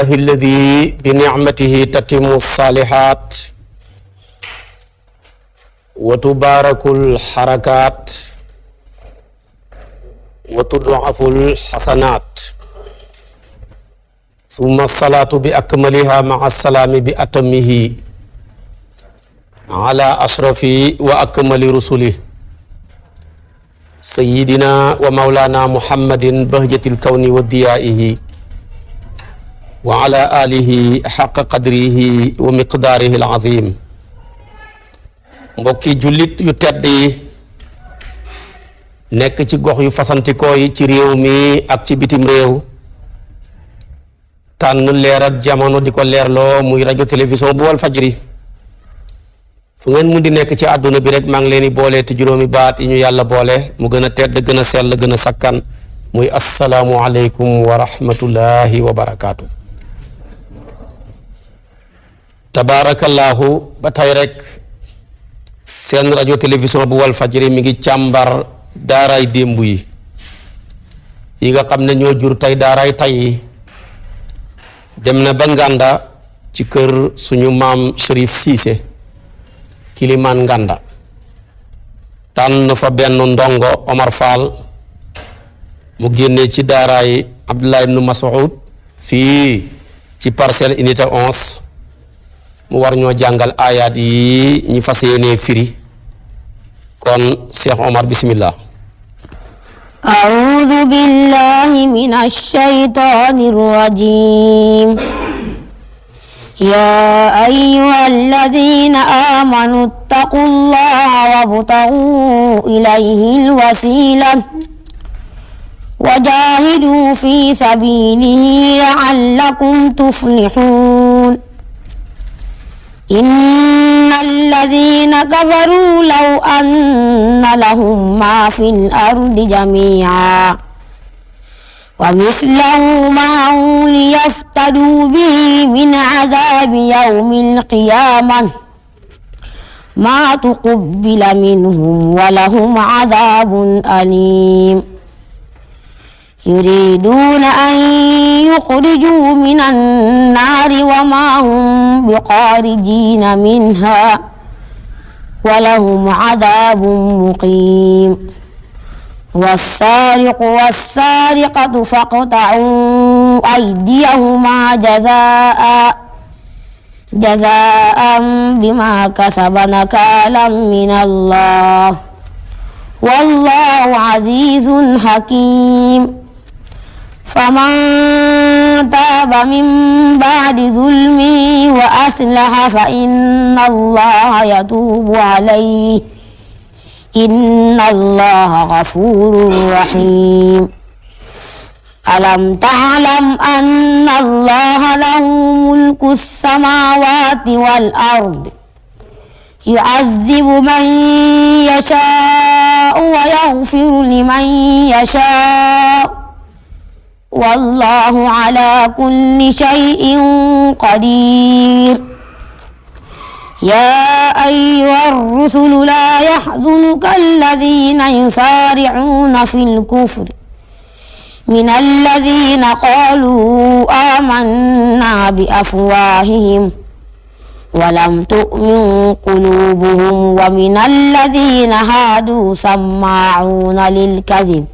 alhamdulillahi alladi bi nicmatihi tatimu saalihaat wa tubaaraku lxarakaat wa tudcafu lxasanaat summa salaatu bi akmaliha maca salaami bi atamihi ala ashrafi wa akmali rusuli sayidina wa maulana muhammadin bahjatil kawni wa diyaihi wa ala alihi xaqa qadrihi wa miqdaarihi alazim mbokki jullit yu tedd yi nekk ci gox yu fasantikoo yi ci réew mi ak ci bitim réew tànn leer ak jamono di ko leerloo muy rajo télévision bu wal fajri fu ngeen mun di nekk ci àdduna bi rek maa ngi leen di boole ti juróomi baat yi ñu yàlla boole mu gën a tedd gën a sell gën a sakkan muy asalaamualeykum wa rahmatullahi wa barakaatu. tabaarakallaahu ba tey rek seen rajo télévision bu wal fajri mi ngi càmbar daaraay démb yi yi nga xam ne ñoo jur tey daaraay tey dem na ba ngànda ci kër suñu maam Chérif Cissé kilimaan ngànda tànn fa benn ndongo Omar Fall mu génnee ci daaraay Abdullah ibnu Mas'ud fii ci parcelle unité onze mu war ñoo jàngal aayaat yi ñu fas yéenee firi kon Cheikh Omar bismillah أعوذ بالله من الشيطان الرجيم يا أيها الذين آمنوا اتقوا الله وابتغوا إليه الوسيلة وجاهدوا في سبيله لعلكم تفلحون إن الذين كفروا لو أن لهم ما في الأرض جميعا ومثله معه ليفتدوا به من عذاب يوم القيامة ما تقبل منهم ولهم عذاب أليم يريدون أن يخرجوا من النار وما هم بخارجين منها ولهم عذاب مقيم والسارق والسارقة فاقطعوا أيديهما جزاء جزاء بما كسب نكالا من الله والله عزيز حكيم فمن تاب من بعد ظلمه وأصلح فإن الله يتوب عليه إن الله غفور رحيم ألم تعلم أن الله له ملك السماوات والأرض يعذب من يشاء ويغفر لمن يشاء wallahu ala kulli shay'in qadir ya ayyuha rusulu la yahzunka alladhina yusari'una fil kufri min alladhina qalu amanna bi afwahihim walam tu'min qulubuhum wa min alladhina hadu sama'una lil kadhib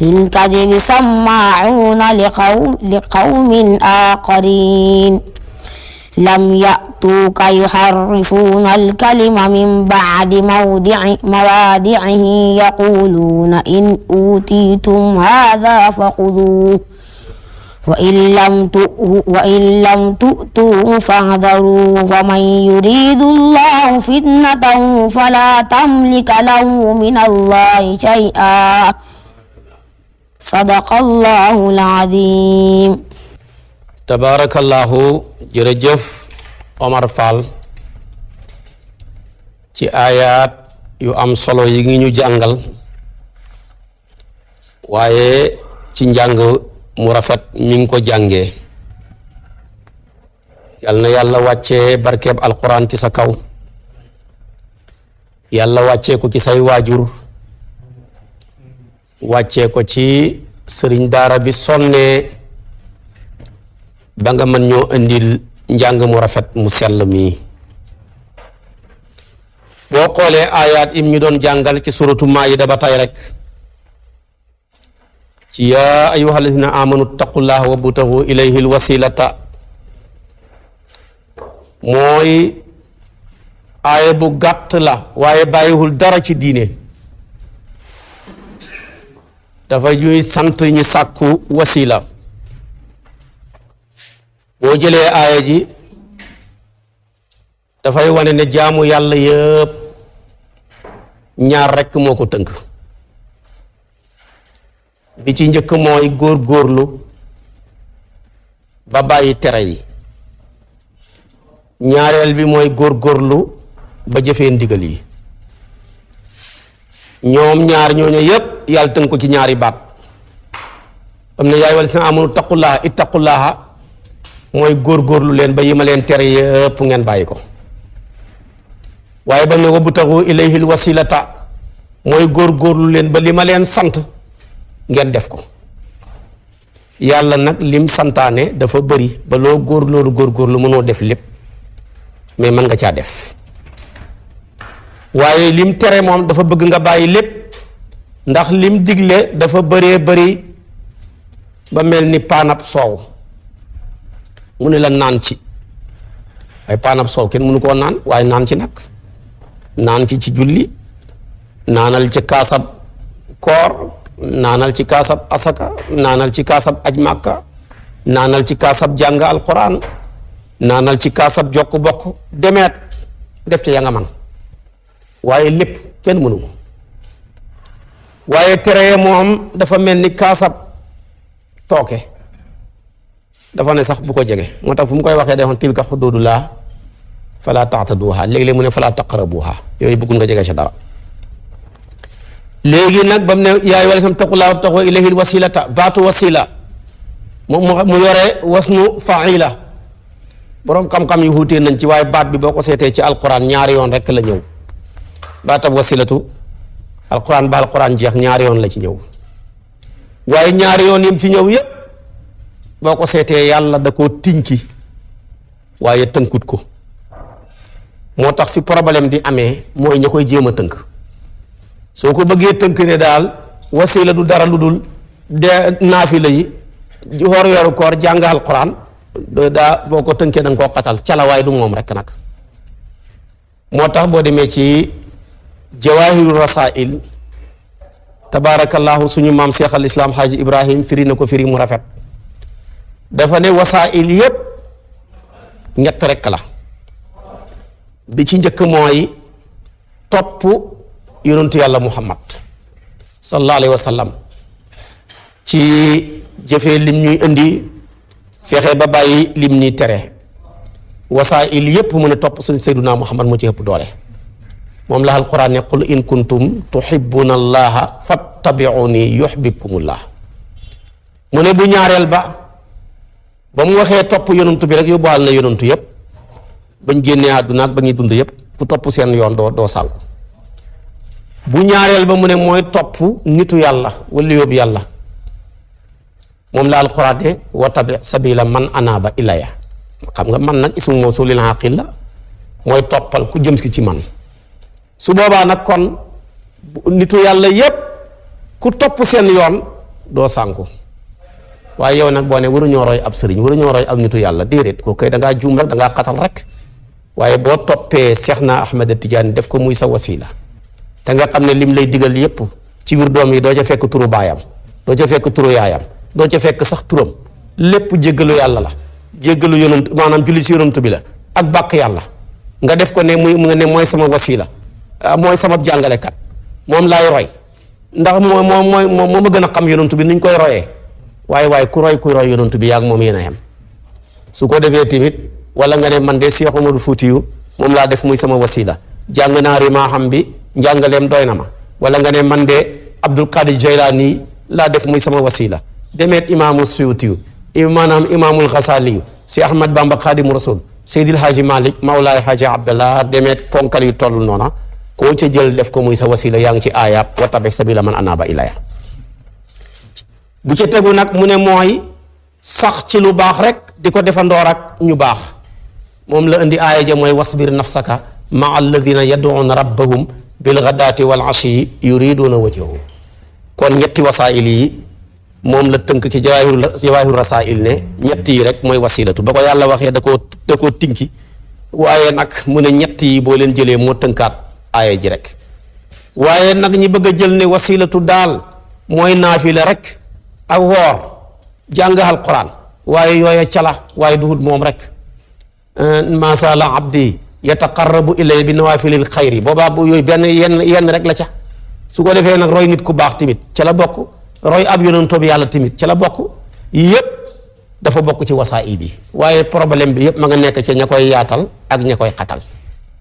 للكذب سماعون لقوم, لقوم آخرين لم يأتوك يحرفون الكلم من بعد مودع موادعه يقولون إن أوتيتم هذا فخذوه وإن لم وإن لم تؤتوه فاحذروا فمن يريد الله فتنته فلا تملك له من الله شيئا sadaqallahu alazim tabaarakallahu jërëjëf Omar Fall ci aayaat yu am solo yi ngi ñu jàngal waaye ci njàng mu rafet mi ngi ko jàngee yal na yàlla wàccee barkeb alquran ci sa kaw yàlla wàccee ko ci say waajur wàccee ko ci sëriñ daara bi sonnee ba nga mën ñoo indil njàng mu rafet mu sell mii boo xoolee aayaat im ñu doon jàngal ci suratu maayida ba tey rek ci yaa ayyuha alladina amanu taqullaha wa butahu ilayhi alwasilata mooy aaya bu gàtt la waaye bàyyiwul dara ci diine dafa ñuy sant ñi sàkku wasila boo jëlee aaya ji dafay wane ne jaamu yàlla yëpp ñaar rekk moo ko tënk bi ci njëkk mooy góor góorlu ba bàyyi tere yi ñaareel bi mooy góor góorlu ba jëfee ndigal yi ñoom ñaar ñooñu yépp yàlla tënk ko ci ñaari baat am na yaay wala si amunu taqullaaha ittaqullaaha mooy góorgóorlu leen ba yi ma leen tere ngeen bàyyi ko waaye ba mu ne wabtaxu ilayhil wasilata mooy góorgóorlu leen ba li ma leen sant ngeen def ko yàlla nag lim santaane dafa bari ba loo góor loolu góorgóorlu mënoo def lépp mais mën nga caa def waaye lim tere moom dafa bëgg nga bàyyi lépp ndax lim digle dafa bëree bëri ba mel ni paanab soow mu ne la naan ci ay paanab soow kenn mënu koo naan waaye naan ci nag naan ci ci julli naanal ci kaasab koor naanal ci kaasab asaka naanal ci kaasab aj màkka naanal ci kaasab jàng alquran naanal ci kaasab jokk bokk demeet def ci ya man waaye lépp kenn mënu ko waaye tere moom dafa mel ni kaasab tooke dafa ne sax bu ko jege moo tax fu mu koy waxee dafa ka xuduudullaa falaa taxtaduuhaa léegi-léeg mu ne falaa taqrabuuhaa yooyu bëggul nga jege sa dara léegi nag ba mu ne yaay wala sam taqullaa wabtaxu ilayhil wasilata baatu wasila mu mu yore wasnu faila boroom xam-xam yi wuutee nañ ci waaye baat bi boo ko seetee ci alquran ñaari yoon rekk la ñëw baatab wasilatu alquran ba alquran jeex ñaari yoon la ci ñëw waaye ñaari yoon yim ci ñëw yëpp boo ko seetee yàlla da koo tinki waaye tënkut ko moo tax fi problème di amee mooy ña koy jéem a tënk soo ko bëggee tënk ne daal wasila du dara lu dul de naafila yi woor weeru koor jàng alquran daa boo ko tënkee da nga koo xatal cala du moom rek nag moo tax boo demee ci jawaahiru rasail tabaarakallaahu suñu maam Cheikh al Islam Haaji Ibrahim firi na ko firi mu rafet dafa ne wasail yépp ñett rekk la bi ci njëkk mooy topp yonentu yàlla muhammad sallallahu alayhi wa ci jëfe lim ñuy indi fexe ba bàyyi lim ñuy tere wasail yépp mën a topp suñ sayduna muhammad moo ci ëpp doole moom la alquran ne qul in kuntum tuhibbuna allaha fattabi'uni yuhibbukumullah mu ne bu ñaareel ba ba mu waxee topp yonantu bi rek yóbbuwaal na yonantu yëpp bañ génnee àdduna ak ba ñuy dund yëpp ku topp seen yoon doo doo sànku bu ñaareel ba mu ne mooy topp nitu yàlla wala yóbbu yàlla moom la alquran ne wa tabi sabila man anaaba ilaya xam nga man nag ismu mawsulil aqil la mooy toppal ku jëm si ci man su boobaa nag kon nitu yàlla yépp ku topp seen yoon doo sànku waaye yow nag boo ne waruñoo roy ab sëriñ waruñoo roy ab nitu yàlla déedéet ko koy da ngaa juum rek da ngaa xatal rek waaye boo toppee Seex na Ahmad Tijaani def ko muy sa wasila te nga xam ne lim lay digal yépp ci wir doom yi doo ca fekk turu baayam doo ca fekk turu yaayam doo ca fekk sax turam lépp jéggalu yàlla la jéggalu yonent maanaam julli si yonent bi la ak bàkk yàlla nga def ko ne muy nga mooy sama wasila Ah, mooy sama jàngalekat moom laay roy ndax moom moom mooy moom moom gën a xam yonent bi ni koy royee waaye waaye ku roy ku roy moom yéen su ko defee tamit wala nga man de Cheikh Oumar moom laa def muy sama wasila jàng naa rima xam bi njàngaleem doy na ma wala nga ne man de Abdul Qadir Jaylaani laa def muy sama wasila demeet imaamu Suyuti maanaam imaamul Xasaali si Ahmad Bamba Xaadimu Rasul Seydil Haaji Malik Mawlaay Haaji Abdallah demeet ponkal yu toll noona koo ca jël def ko muy sa wasila yaa ngi ci aayaab wa tabi sabila man anaaba ilaya bu ca tegu nag mu ne mooy sax ci lu baax rek di ko defandoor ak ñu baax moom la indi aaya ja mooy wasbir nafsaka maa alladina yaduuna rabbahum bilgadaati wal ashi yuriduuna wajhahu kon ñetti wasaa'il yi moom la tënk ci jawaahirul jawaahirul rasaa'il ne ñett yi rek mooy wasilatu ba ko yàlla waxee da koo da koo tinki waaye nag mu ne ñett yi boo leen jëlee moo tënkaat aaya ji rek waaye nag ñi bëgg a jël ne wasilatu daal mooy naafila rek ak woor jàng alquran waaye yooya cala waaye duhut moom rek eh, masala abdi yataqarrabu ilay bi nawaafilil xayri boobaa yooyu benn yenn yenn rek la ca su ko defee nag roy nit ku baax tamit ca la bokk roy ab yonent bi yàlla tamit ca la bokk yépp dafa bokk ci wasaa yi bi waaye problème bi yépp ma nga nekk ci ña koy yaatal ak ña koy xatal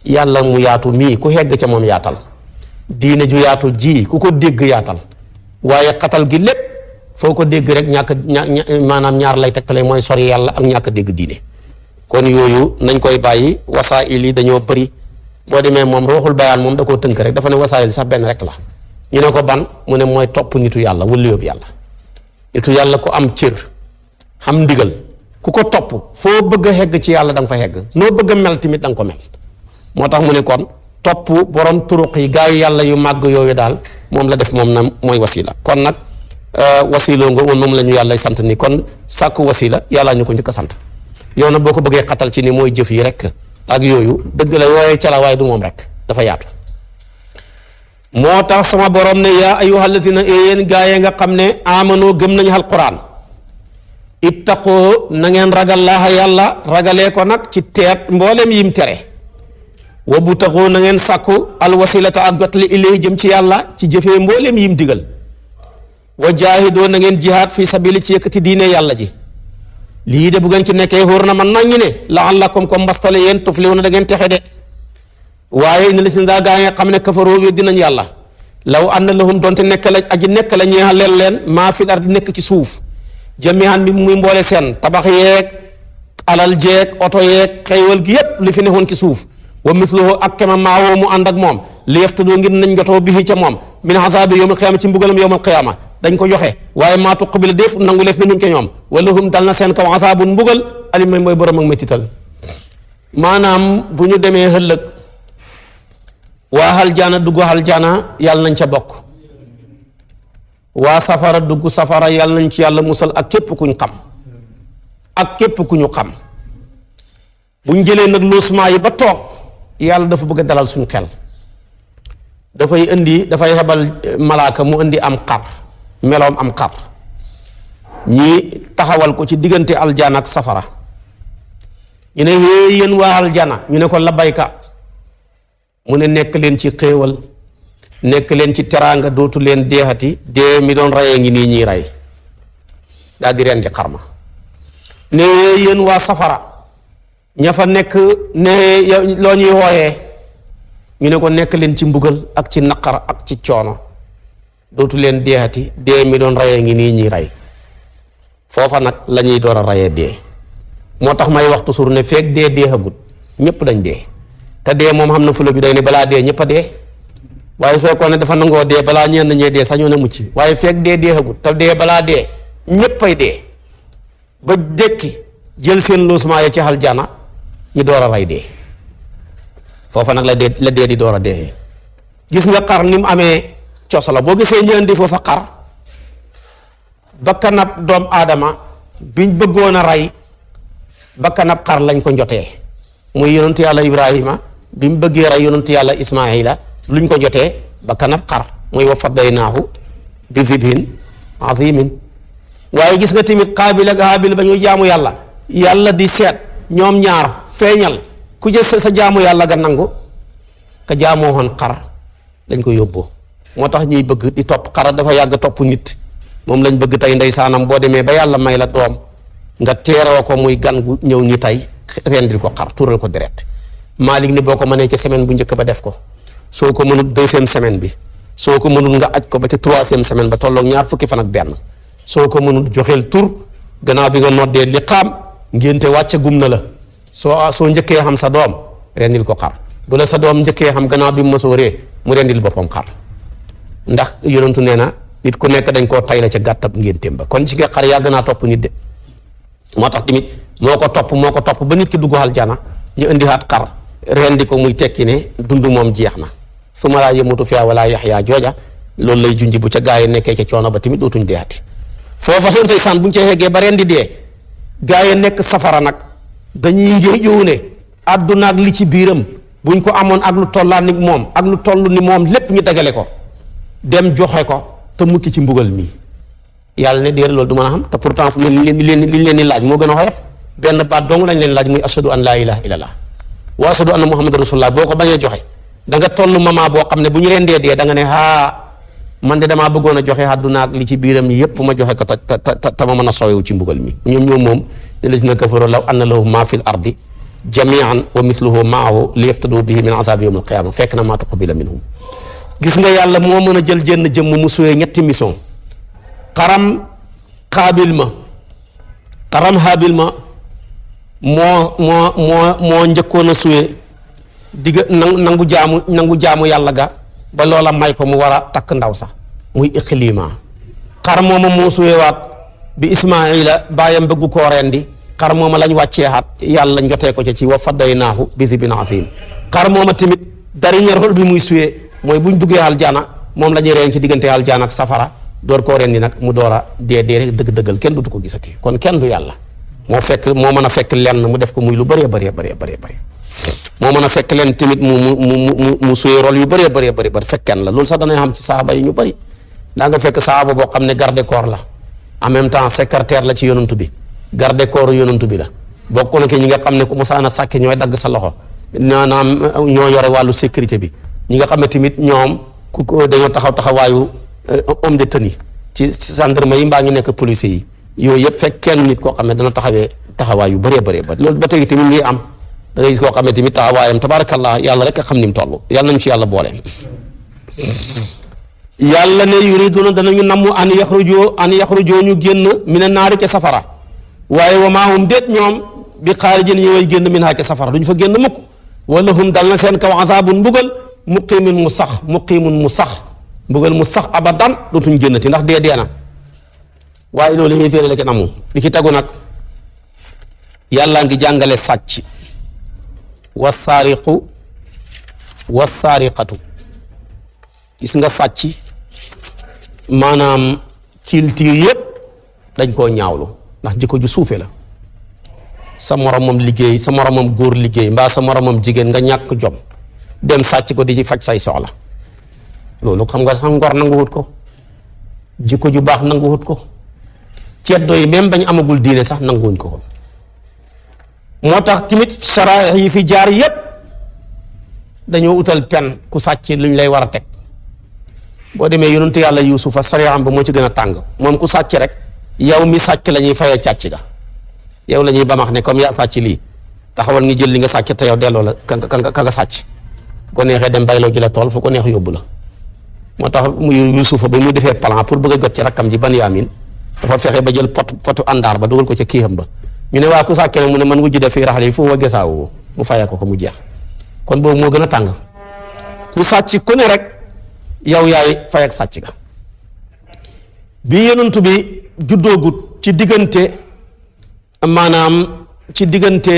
yàlla mu yaatu mii ku hegg ca moom yaatal diine ju yaatu jii ku ko dégg yaatal waaye xatal gi lépp foo ko dégg rek ñàkk a maanaam ñaar lay tegtale mooy sori yàlla ak ñàkk dégg diine kon yooyu nañ koy bàyyi wasaa'il yi dañoo bari boo demee moom ruuxul bayaan moom da koo tënk rek dafa ne wasaa'il sax benn rek la ñu ne ko ban mu ne mooy topp nitu yàlla wala yóbbu yàlla tu yàlla ko am cër xam ndigal ku ko topp foo bëgg a hegg ci yàlla da fa hegg noo bëgg a tamit da ko mel moo tax mu ne kon topp borom turuq yi gaayu yàlla yu màgg yooyu daal moom la def moom na mooy wasila kon nag euh, wasiloo nga moom la ñu yàlla sant ni kon sàkku wasila yàllaa ñu ko njëkk a sant yoona boo ko bëggee xatal ci ni mooy jëf yi rek ak yooyu dëgg la yooyee ca waaye du moom rek dafa yaatu moo tax sama borom ne yaa ayyuha alladina yéen gaa yee nga xam ne amanoo gëm nañu alquran ittaqoo na ngeen ragal laaha yàlla ragalee ko nag ci teet mboolem yim tere wa bu taxoo na ngeen sàkku alwasilata ak jot li ilay jëm ci yàlla ci jëfee mbooleem yim digal wa jaahidoo na ngeen jihaad fi sabili ci yëkkati diine yàlla ji lii de bu ngeen ci nekkee xóor na man naññi ne laallakum ko mbastale yéen tuflihu na da ngeen texe de waaye ne la si ndaa gaa nga xam ne kafaroo wéddi nañ yàlla law ànd lahum doonte nekk la aji nekk la ñeexal leen leen maa fi ar di nekk ci suuf jamihan bi muy mboole seen tabax ye alal jeeg oto yeeg xéewal gi yépp li fi nekkoon ci suuf wa misluhu ak kema maawoo mu ànd ak moom li yaftadoo ngir nañ bi bihi ca moom min azaabi yowmal qiyaama ci mbugalam yowmal qiyaama dañ ko joxe waaye maa tuqbila def nangu lef minum ca ñoom wala hum dal na seen kaw azaabun mbugal alima mooy borom ak métital maanaam bu ñu demee ëllëg waa haljaana dugg yàlla nañ ca bokk waa safara dugg safara yàlla nañ ci yàlla musal ak képp ku ñu xam ak képp ku ñu xam bu ñu jëlee nag loosmaa yi ba toog yàlla dafa bëgg dalal suñu xel dafay indi dafay xebal malaaka mu indi am xar meloom am xar ñi taxawal ko ci diggante aljana ak safara ñu ne hée yéen waa aljana ñu ne ko labayka mu ne nekk leen ci xéewal nekk leen ci teraanga dootu leen deexati dee mi doon reyee ngi nii ñii rey daal di rendi xar ma ne hée yéen waa safara ña fa nekk ne loo ñuy wooyee ñu ne ko nekk leen ci mbugal ak ci naqar ak ci coono dootu leen deexati dee mi doon rayee ngi nii ñuy rey foofa nag lañuy ñuy door a rayee dee moo tax may waxtu sur ne feeg dee deexagut ñépp dañ dee te dee moom xam na fula bi day ne balaa dee ñëpp a dee waaye soo ko ne dafa nangoo dee balaa ñeen ñee dee sañoon a mucc waaye feeg dee deexagut te dee balaa dee ñépp ay dee ba dékki jël seen loosement ya ci aljana ñu door a rey dee foofa nag la dee di door a dee gis nga xar ni mu amee cos la boo gisee ñu indi foofa xar bakkanab doom aadama biñ bëggoon a rey bakkanab xar lañ ko njotee muy yonent yàlla ibrahima bi bëggee rey yonent yàlla ismaila luñ ko jotee bakkanab xar muy wa faddaynaahu bi zibhin azimin waaye gis nga tamit xaabil ak haabil ba ñuy jaamu yàlla yàlla di seet ñoom ñaar feeñal ku jël sa jaamu yàlla ga nangu ka jaamoo woon xar lañ ko yóbboo moo tax ñuy bëgg di topp xara dafa yàgg topp nit moom lañ bëgg tey ndey saanam boo demee ba yàlla may la doom nga teeroo ko muy gan gu ñëw ñu tey rendil ko xar tural ko deret Malick ni boo ko mënee ca semaine bu njëkk ba def ko soo ko mënul deuxième semaine bi soo ko mënul nga aj ko ba ca troisième semaine ba tolloog ñaar fukki fan ak benn soo ko mënul joxeel tur gannaaw ngénte wàcce gum na la soo ah, soo njëkkee xam sa doom rendil ko xar bu la sa doom njëkkee xam gannaaw bi mu mosoo ree mu rendil boppam xar ndax yonentu nee na nit ku nekk dañ koo tay la ca gàttab ngénteem ba kon ci nga xar yàgg naa topp nit de moo tax tamit moo ko topp moo ko topp ba nit ki dugg aljana ñu indiwaat xar rendi ko muy tekki ne dund moom jeex na su ma laa yëmutu fiyaa wala yaxyaa jooja loolu lay junj bu ca gaa yi nekkee ca coono ba tamit dootuñ deeati foofa seen dee gaa yi nekk safara nag dañuy yéejow ne àdduna ak li ci biiram buñ ko amoon ak lu tollaa ni moom ak lu toll ni moom lépp ñu dagale ko dem joxe ko te mucc ci mbugal mi yàlla ne déer loolu du mën a xam te pourtant fu leen li leen leen di laaj moo gën a xoyof benn baat dong lañ leen laaj muy ashadu an laa ilaha illallah wa ashadu anna muhammad rasulullah boo ko bañee joxe da nga toll moment boo xam ne bu ñu leen dee dee da ne haa man de damaa bëggoon a joxe àdduna ak li ci biiram yépp ma joxe ko ta ta ta ma mën a sooyewu ci mbugal mi ñoom ñoom moom ne lazina kafaru law anna lahum maa fil ardi jamian wa mithluhu maahu li yaftadu bihi min azabi yawm alqiyama gis nga yàlla moo mën a jël jenn jëmm mu suyee ñetti mission xaram xaabil ma xaram xaabil ma moo moo moo moo njëkkoon a suyee digg nangu jaamu nangu jaamu yàlla ga ba loola may ko mu war a takk ndaw sax muy iqlima xar mooma moo suweewaat bi ismaila bàyyam bëggu koo rendi xar mooma lañ wàcceexaat yàlla njotee ko ca ci wa fadaynaahu bi zibin azim xar mooma tamit dernier rôle bi muy suwee mooy bu buñ duggee aljana moom la ñuy reen ci diggante aljana ak safara door koo rendi nag mu door a dee dee rek dëgg-dëggal kenn dutu ko gisati kon kenn du yàlla moo fekk moo mën a fekk lenn mu def ko muy lu bëree bëree bëree bëree bëri moo mën a fekk leen tamit mu mu mu mu mu suyee rôle yu bëree bëree bëri bari fekkeen la loolu sax dana xam ci saaba yi ñu bëri daa nga fekk saaba boo xam ne garde corps la en même temps secrétaire la ci yonantu bi garde corps yonantu bi la boo na ki ñi nga xam ne ku mosaan a sàkke ñooy dagg sa loxo naanaam ñoo yore wàllu sécurité bi ñi nga xam ne tamit ñoom ku dañoo taxaw taxawaayu euh, homme de tenue ci gendarme yi mbaa ngi nekk police yi yooyu yëpp fekk nit koo xam ne dana taxawee yu bëree bëree da ngay gis koo xam ne tamit taxawaayam tabaarakallah yàlla rek a xam ni mu toll yàlla nañu ci na boole. yàlla ne yuriduna danañu namm an yaxrujoo an yaxrujoo ñu génn mina naar ca safara waaye wa maa hum déet ñoom bi xaarijin ñu way génn minhaa ca safara duñ fa génn mukk wala hum dal na seen kaw azaabun mbugal mu sax muqiimun mu sax mbugal mu sax abadan dootuñ génnati ndax dee dee na waaye loolu la ñuy féerale ki li ci tegu nag yàllaa ngi jàngale sàcc. wassaariqu wassaariqatu gis nga sàcc maanaam culture yëpp dañ koo ñaawlu ndax jikko ju suufe la sa moromam liggéey sa moromam góor liggéey mbaa sa moromam jigéen nga ñàkk jom dem sàcc ko di ci faj say soxla loolu xam nga sax ngor nanguwut ko jikko ju baax nanguwut ko ceddo yi même bañ amagul diine sax nanguwuñ ko moo tax timit sharaaix yi fi jaar yépp dañoo utal pen ku sàcc luñ lay war a teg boo demee yonentu yàlla yuusufa sariam ba moo ci gën a tàng moom ku sàcc rek yow mi sàcc la ñuy fayee càcc ga yaw la ñuy bamax ne comme yaa sàcc lii taxawal ngi jël li nga sàcc te yow delloo la ka ka ka sàcc ko neexee dem bayloo ji la tool foo ko neex yóbbu la moo tax mu yuusufa ba muy defee plan pour bëgg a jot ci rakkam ji Banyamin dafa fexe ba jël pot potu àndaar ba dugal ko ca kiiham ba ñu ne waa ku sàkke nag mu ne man wujj def fii raxale yi foofu wa gesaawu mu fayee ko ko mu jeex kon boobu moo gën a tàng ku sàcc ku ne rek yow yaay fay ak sàcc ga bi yonent bi juddoogut ci diggante maanaam ci diggante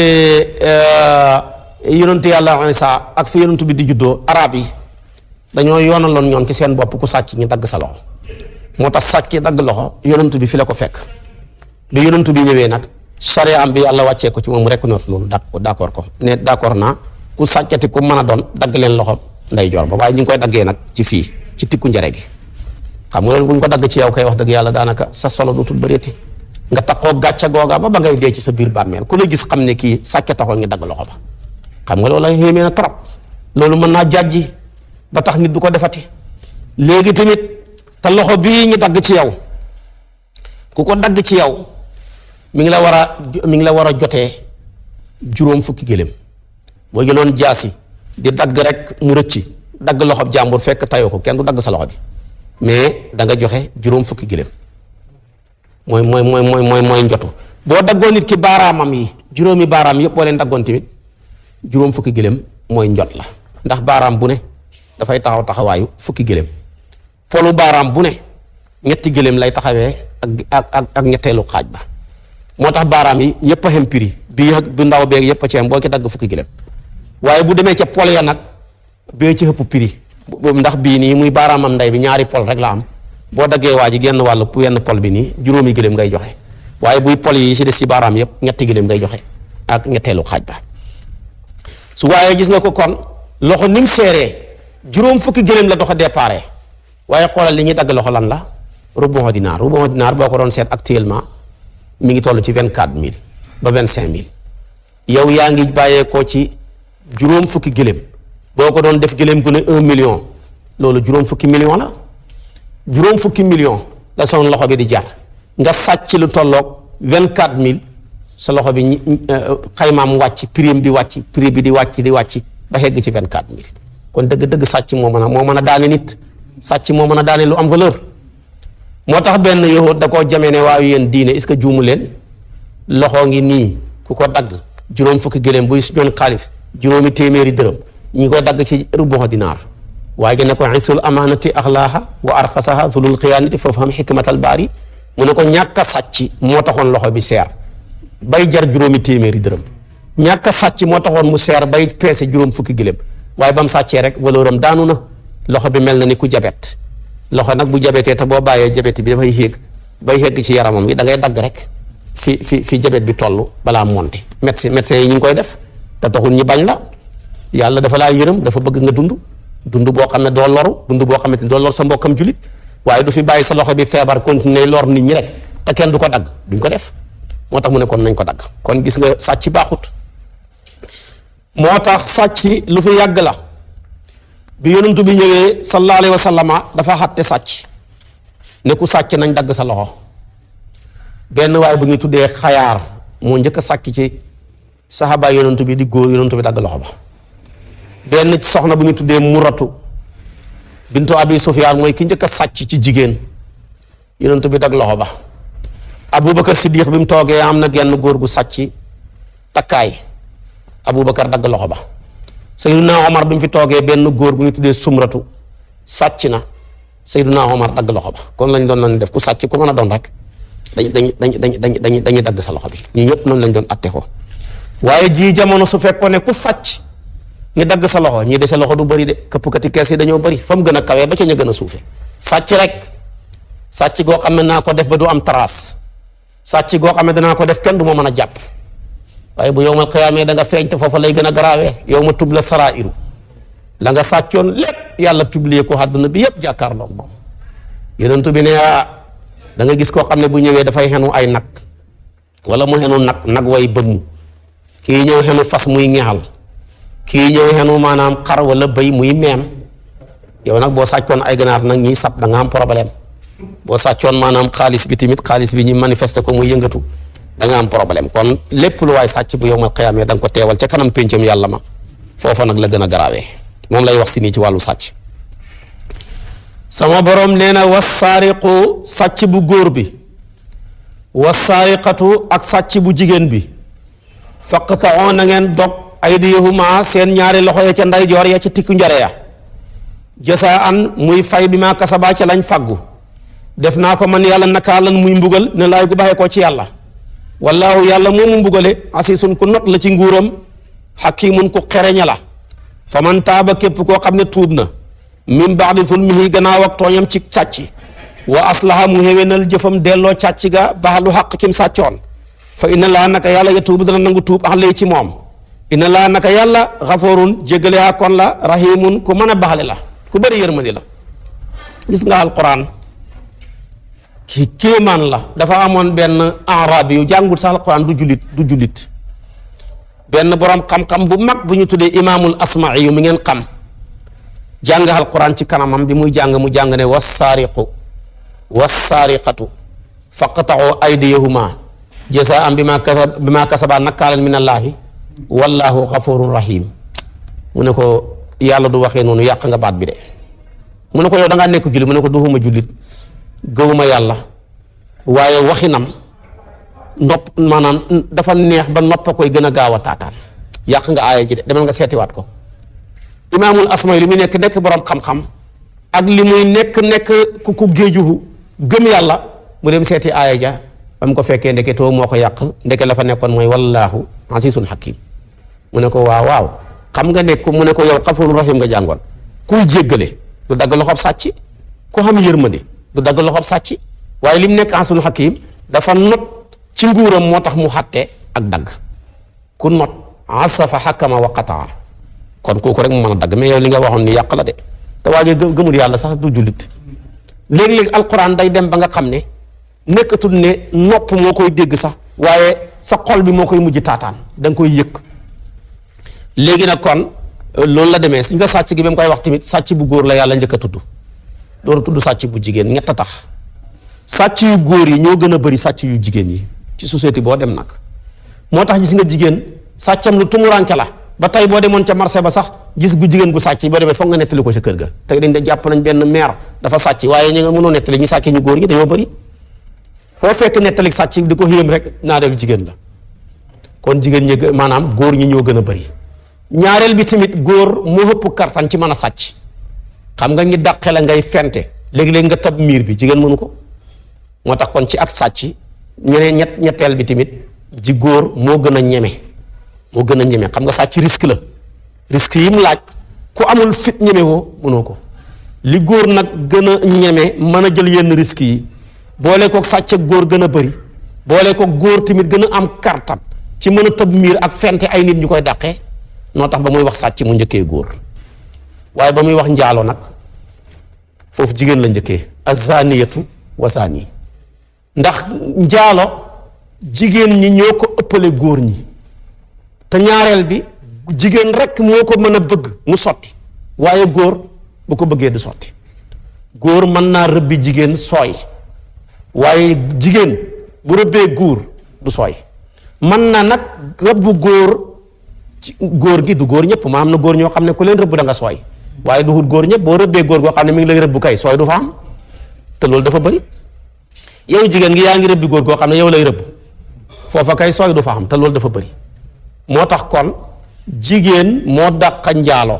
eh, yonent yàlla Isa ak fi yonent bi di juddoo araab yi dañoo yoonaloon ñoom ci seen bopp ku sàcc ñu dagg sa loxo moo tax sàcc dagg loxo yonent bi fi la ko fekk bi yonent bi ñëwee nag charia am bi yàlla wàccee ko ci moom reconnaître loolu d' accord ko ne d' accord naa ku sàccati ku mën a doon dagg leen loxo nday joor ba waaye ñu ngi koy daggee nag ci fii ci tikku njare gi xam nga loolu bu ñu ko dagg ci yow koy wax dëgg yàlla daanaka sa solo dootul bëreeti nga taxoo gàcca googaa ba ba ngay dee ci sa biir bàmmeel ku la gis xam ne kii sàcce taxoon nga loxo ba xam nga loolu yéeme na trop loolu mën naa jàjji ba tax nit du ko defati léegi tamit te loxo bii ñu dagg ci yow ku ko dagg ci yow mi ngi la war a mi ngi la war a jotee juróom fukki gëléem boo jëloon jaasi di dagg rek mu rëcci dagg loxob jàmbur fekk tayoo ko kenn du dagg sa loxo bi mais da nga joxe juróom fukki gëléem mooy mooy mooy mooy boo daggoon nit ki baaraamam yi juróomi baaraam yëpp boo leen juróom fukki gëléem mooy njot la ndax baaraam bu ne dafay taxaw taxawaayu fukki gëléem polu baaraam bu ne ñetti gëléem lay taxawee ak ak ñetteelu xaaj ba moo tax baaraam yi yëpp a xem prix bii ak bu ndaw bee yëpp a ci am boo ci dagg fukki gilem waaye bu demee ca pol ya nag bee ci ëpp prix ndax bii nii muy baaraamam ndey bi ñaari pol rek la am boo daggee waa ji genn wàll wenn pol bi nii juróomi gilem ngay joxe waaye buy pol yi si des si baaraam yëpp ñetti gilem ngay joxe ak ñetteelu xaaj ba su waaye gis nga ko kon loxo ni mu seeree juróom fukki gilem la dox a waaye xoolal li ñuy dagg loxo lan la rubon dinaar rubon dinaar boo ko doon seet actuellement mi ngi toll ci vingt quatre mille ba vingt cinq mille yow yaa ngi bàyyeekoo ci juróom fukki gëléem boo ko doon def gëléem gu ne un million loolu juróom fukki million la juróom fukki million la son loxo bi di jar nga sàcc lu tolloog vingt quatre mille sa loxo bi euh, xaymaam wàcc prix bi wàcc prix bi di wàcc di wàcc ba xegg ci vingt quatre mille kon dëgg dëgg sàcc moo mën a moo mën a daane nit sàcc moo mën a daane lu am valeur moo tax benn yahud da koo jamee ne waaw yéen diine est-ce que juumu leen loxo ngi nii ku ko dagg juróom fukki gëléem buy suñoon xaalis juróomi téeméeri dërëm ñi ko dagg ci rubon dinaar waaye gën ne ko isul amaanati axlaaha wa arxasaha zulul xiyaanati foofu xam xikmatal baari mu ne ko ñàkk a sàcc moo taxoon loxo bi seer bay jar juróomi téeméeri dërëm ñàkk a sàcc moo taxoon mu seer bay peese juróom fukki gëléem waaye ba mu sàccee rek valeuram daanu na loxo bi mel na ni ku jabet loxo nag bu jabetee te boo bàyyee jabet bi dafay yéeg bay yegg ci yaramam bi da ngay dagg rek fi fi fi jabet bi toll balaa monte médecin médecin yi ñu ngi koy def te taxul ñi bañ la yàlla dafa laa yërëm dafa bëgg nga dund dund boo xam ne doo loru dund boo xamante ne doo lor sa mbokkam julit waaye du fi bàyyi sa loxo bi feebar continuer lor nit ñi rek te kenn du ko dagg duñ ko def moo tax mu ne kon nañ ko dagg kon gis nga sàcc baaxut moo tax sàcc lu fi yàgg la bi yonent bi ñëwee sallallahu alayhi dafa xatte sàcc nekku ku sàcc nañ dagg sa loxo benn waaye bu ñuy tuddee xayaar moo njëkk a sàcc ci saxaaba yonent bi di góor yonent bi dagg loxo ba benn soxna bu ñu tuddee muratu bintu abi sufyaan mooy ki njëkk sàcc ci jigéen yonent bi dagg loxo ba aboubacar siddiq bi mu toogee am na genn góor gu sàcc takkaay aboubacar dagg loxo ba Seydina Omar bi mu fi toogee benn góor bu ñu tuddee sumratu sàcc na Seydina Omar dagg loxo ba kon lañ doon nañ def ku sàcc ku mën a doon rek dañ dañ dañ dañ dañuy dagg sa loxo bi ñu ñëpp noonu lañ doon atte ko waaye jii jamono su fekkoon ne ku sàcc ñu dagg sa loxo ñii des sa loxo du bëri de këppkati kees yi dañoo bari fa mu gën a kawee ba ca ñu gën a suufee sàcc rek sàcc goo xam ne naa ko def ba du am trace sàcc goo xam ne danaa ko def kenn du ma mën a jàpp waaye bu yow mal xiyaamee da danga feeñ foofu lay gën a garaawee yow ma tub la sarairu la nga sàccoon lépp yàlla publier ko àdduna bi yëpp jàkkaarloog moom yonentu bi ne ah, da nga gis koo xam ne bu ñëwee dafay xenu ay nag wala mu xenu nag nag way bëmm kii ñëw xenu fas muy ñeexal kii ñëw maanaam xar wala bëy muy meem yow nag boo sàccoon ay ganaar nag ñiy sab da nga am problème boo sàccoon maanaam xaalis bi tamit xaalis bi ñu manifesté ko muy yëngatu da am problème kon lépp lu waay sàcc bu yow ma xëyaamee danga ko teewal ca kanam péncam yàlla ma foofa nag la gën a garaawee moom lay wax si nii ci wàllu sàcc sama borom nee was wasaariqu sàcc bu góor bi wasaariqatu ak sàcc bu jigéen bi faq ka on na ngeen dog aydiyahuma seen ñaari loxo ya ca ndeyjoor ya ca tikku njare ya jësa an muy fay bi ma kasabaa ca lañ faggu def naa ko man yàlla naka lan muy mbugal ne laay gu baxee koo ci yàlla wallaahu yàlla moomu mbugale asisun ku not la ci nguuram xakimun ku xereña la fa man taaba képp koo xam ne tuub na min baadi zulmihi gannaaw ak tooñam ci càcc wa aslaha mu xéwénal jëfam delloo càcc ga baax lu xaq kim sàccoon fa inna laa naka yàlla ya tuubu dana nangu tuub ax lay ci moom inna laa naka yàlla xafoorun jégale kon la rahimun ku mën a baxale la ku bëri yërmandi la gis nga alquran ki kéemaan la dafa amoon benn arabi yu jàngul sax alquran du jullit du jullit benn borom xam-xam bu mag bu ñu tuddee imaamul asma'i yu mu ngeen xam jàng alquran ci kanamam bi muy jàng mu jàng ne wassaariqu wassaariqatu faqta'u aydiyahuma jazaa'an bimaa kasab bimaa kasabaa nakaalan min allaahi wallaahu ghafurun rahim mu ne ko yàlla du waxee noonu yàq nga baat bi de mu ne ko yow da ngaa nekk jullit mu ne ko duhuma jullit gëwuma yàlla waaye waxinam nopp maanaam dafa neex ba noppa koy gën a gaaw a taataan yàq nga aaya ji de demal nga seetiwaat ko imaamul asmay li muy nekk nekk borom xam-xam ak li muy nekk nekk ku ku géejuhu gëm yàlla mu dem seeti aaya ja ba ko fekkee ndeke too moo ko yàq ndeke la fa nekkoon mooy wallaahu asisun hakim mu ne ko waaw waaw xam nga nekk mu ne ko yow xafurun rahim nga jàngoon kuy jéggale du dagg loxob sàcc ku xam yërmande du dagg loxob sàcc waaye li mu nekk ansul xakim dafa not ci nguuram moo tax mu xatte ak dagg ku not asafa xakama wa qataa kon kooku rek mu mën a dagg mais yow li nga waxoon ni yàq la de te waajee gëmul yàlla sax du jullit léeg-léeg alquran day dem ba nga xam ne nekkatul ne nopp moo koy dégg sax waaye sa xol bi moo koy mujj taataan da koy yëg léegi nag kon loolu la demee si nga sàcc gi ba mu koy wax tamit sàcc bu góor la yàlla njëkk a door a tudd sàcc bu jigéen ñett a tax sàcc yu góor yi ñoo gën a bëri sàcc yu jigéen yi ci société boo dem nag moo tax gis nga jigéen sàccam lu tumuranke la ba tey boo demoon ca marché ba sax gis bu jigéen bu sàcc boo demee foog nga nettali ko ca kër ga te dañ de jàpp nañ benn maire dafa sàcc waaye ñu nga mënoo nettali ñu sàcc ñu góor ñi dañoo bëri foo fekk nettali sàcc di ko xéem rek ñaareel jigéen la kon jigéen ñi maanaam góor ñi ñoo gën a bëri ñaareel bi tamit góor moo ëpp kartan ci mën a sàcc xam nga ñi dàqe la ngay fente léegi-léegi nga tab miir bi jigéen mënu ko moo tax kon ci ak sàcc ñenee ñett ñetteel bi tamit ji góor moo gën a ñeme moo gën a ñeme xam nga sàcc risque la risque yi mu laaj ku amul fit ñeme woo mënoo ko li góor nag gën a ñeme mën a jël yenn risques yi boole ko sàcc góor gën a bëri boole ko góor tamit gën a am kartan ci mën a tëb miir ak fente ay nit ñu koy dàqee noo tax ba muy wax sàcc mu njëkkee góor waaye ba muy wax njaalo nag foofu jigéen la njëkkee azaniyatu wasaani ndax njaalo jigéen ñi ñoo ko ëppale góor ñi te ñaareel bi jigéen rekk moo ko mën a bëgg mu sotti waaye góor bu ko bëggee du sotti góor mën naa rëbbi jigéen sooy waaye jigéen bu rëbbee góor du sooy mën naa nag rëbb góor ci góor gi du góor ñëpp ma am na góor ñoo xam ne ku leen rëbb da sooy waaye du wut góor ñëpp boo rëbbee góor goo xam ne mi ngi lay rëbb kay sooy du fa am te loolu dafa bëri yow jigéen ngi yaa ngi rëbbi góor goo xam ne yow lay rëbb foofa kay sooy du fa am te loolu dafa bari moo tax kon jigéen moo dàqa njaaloo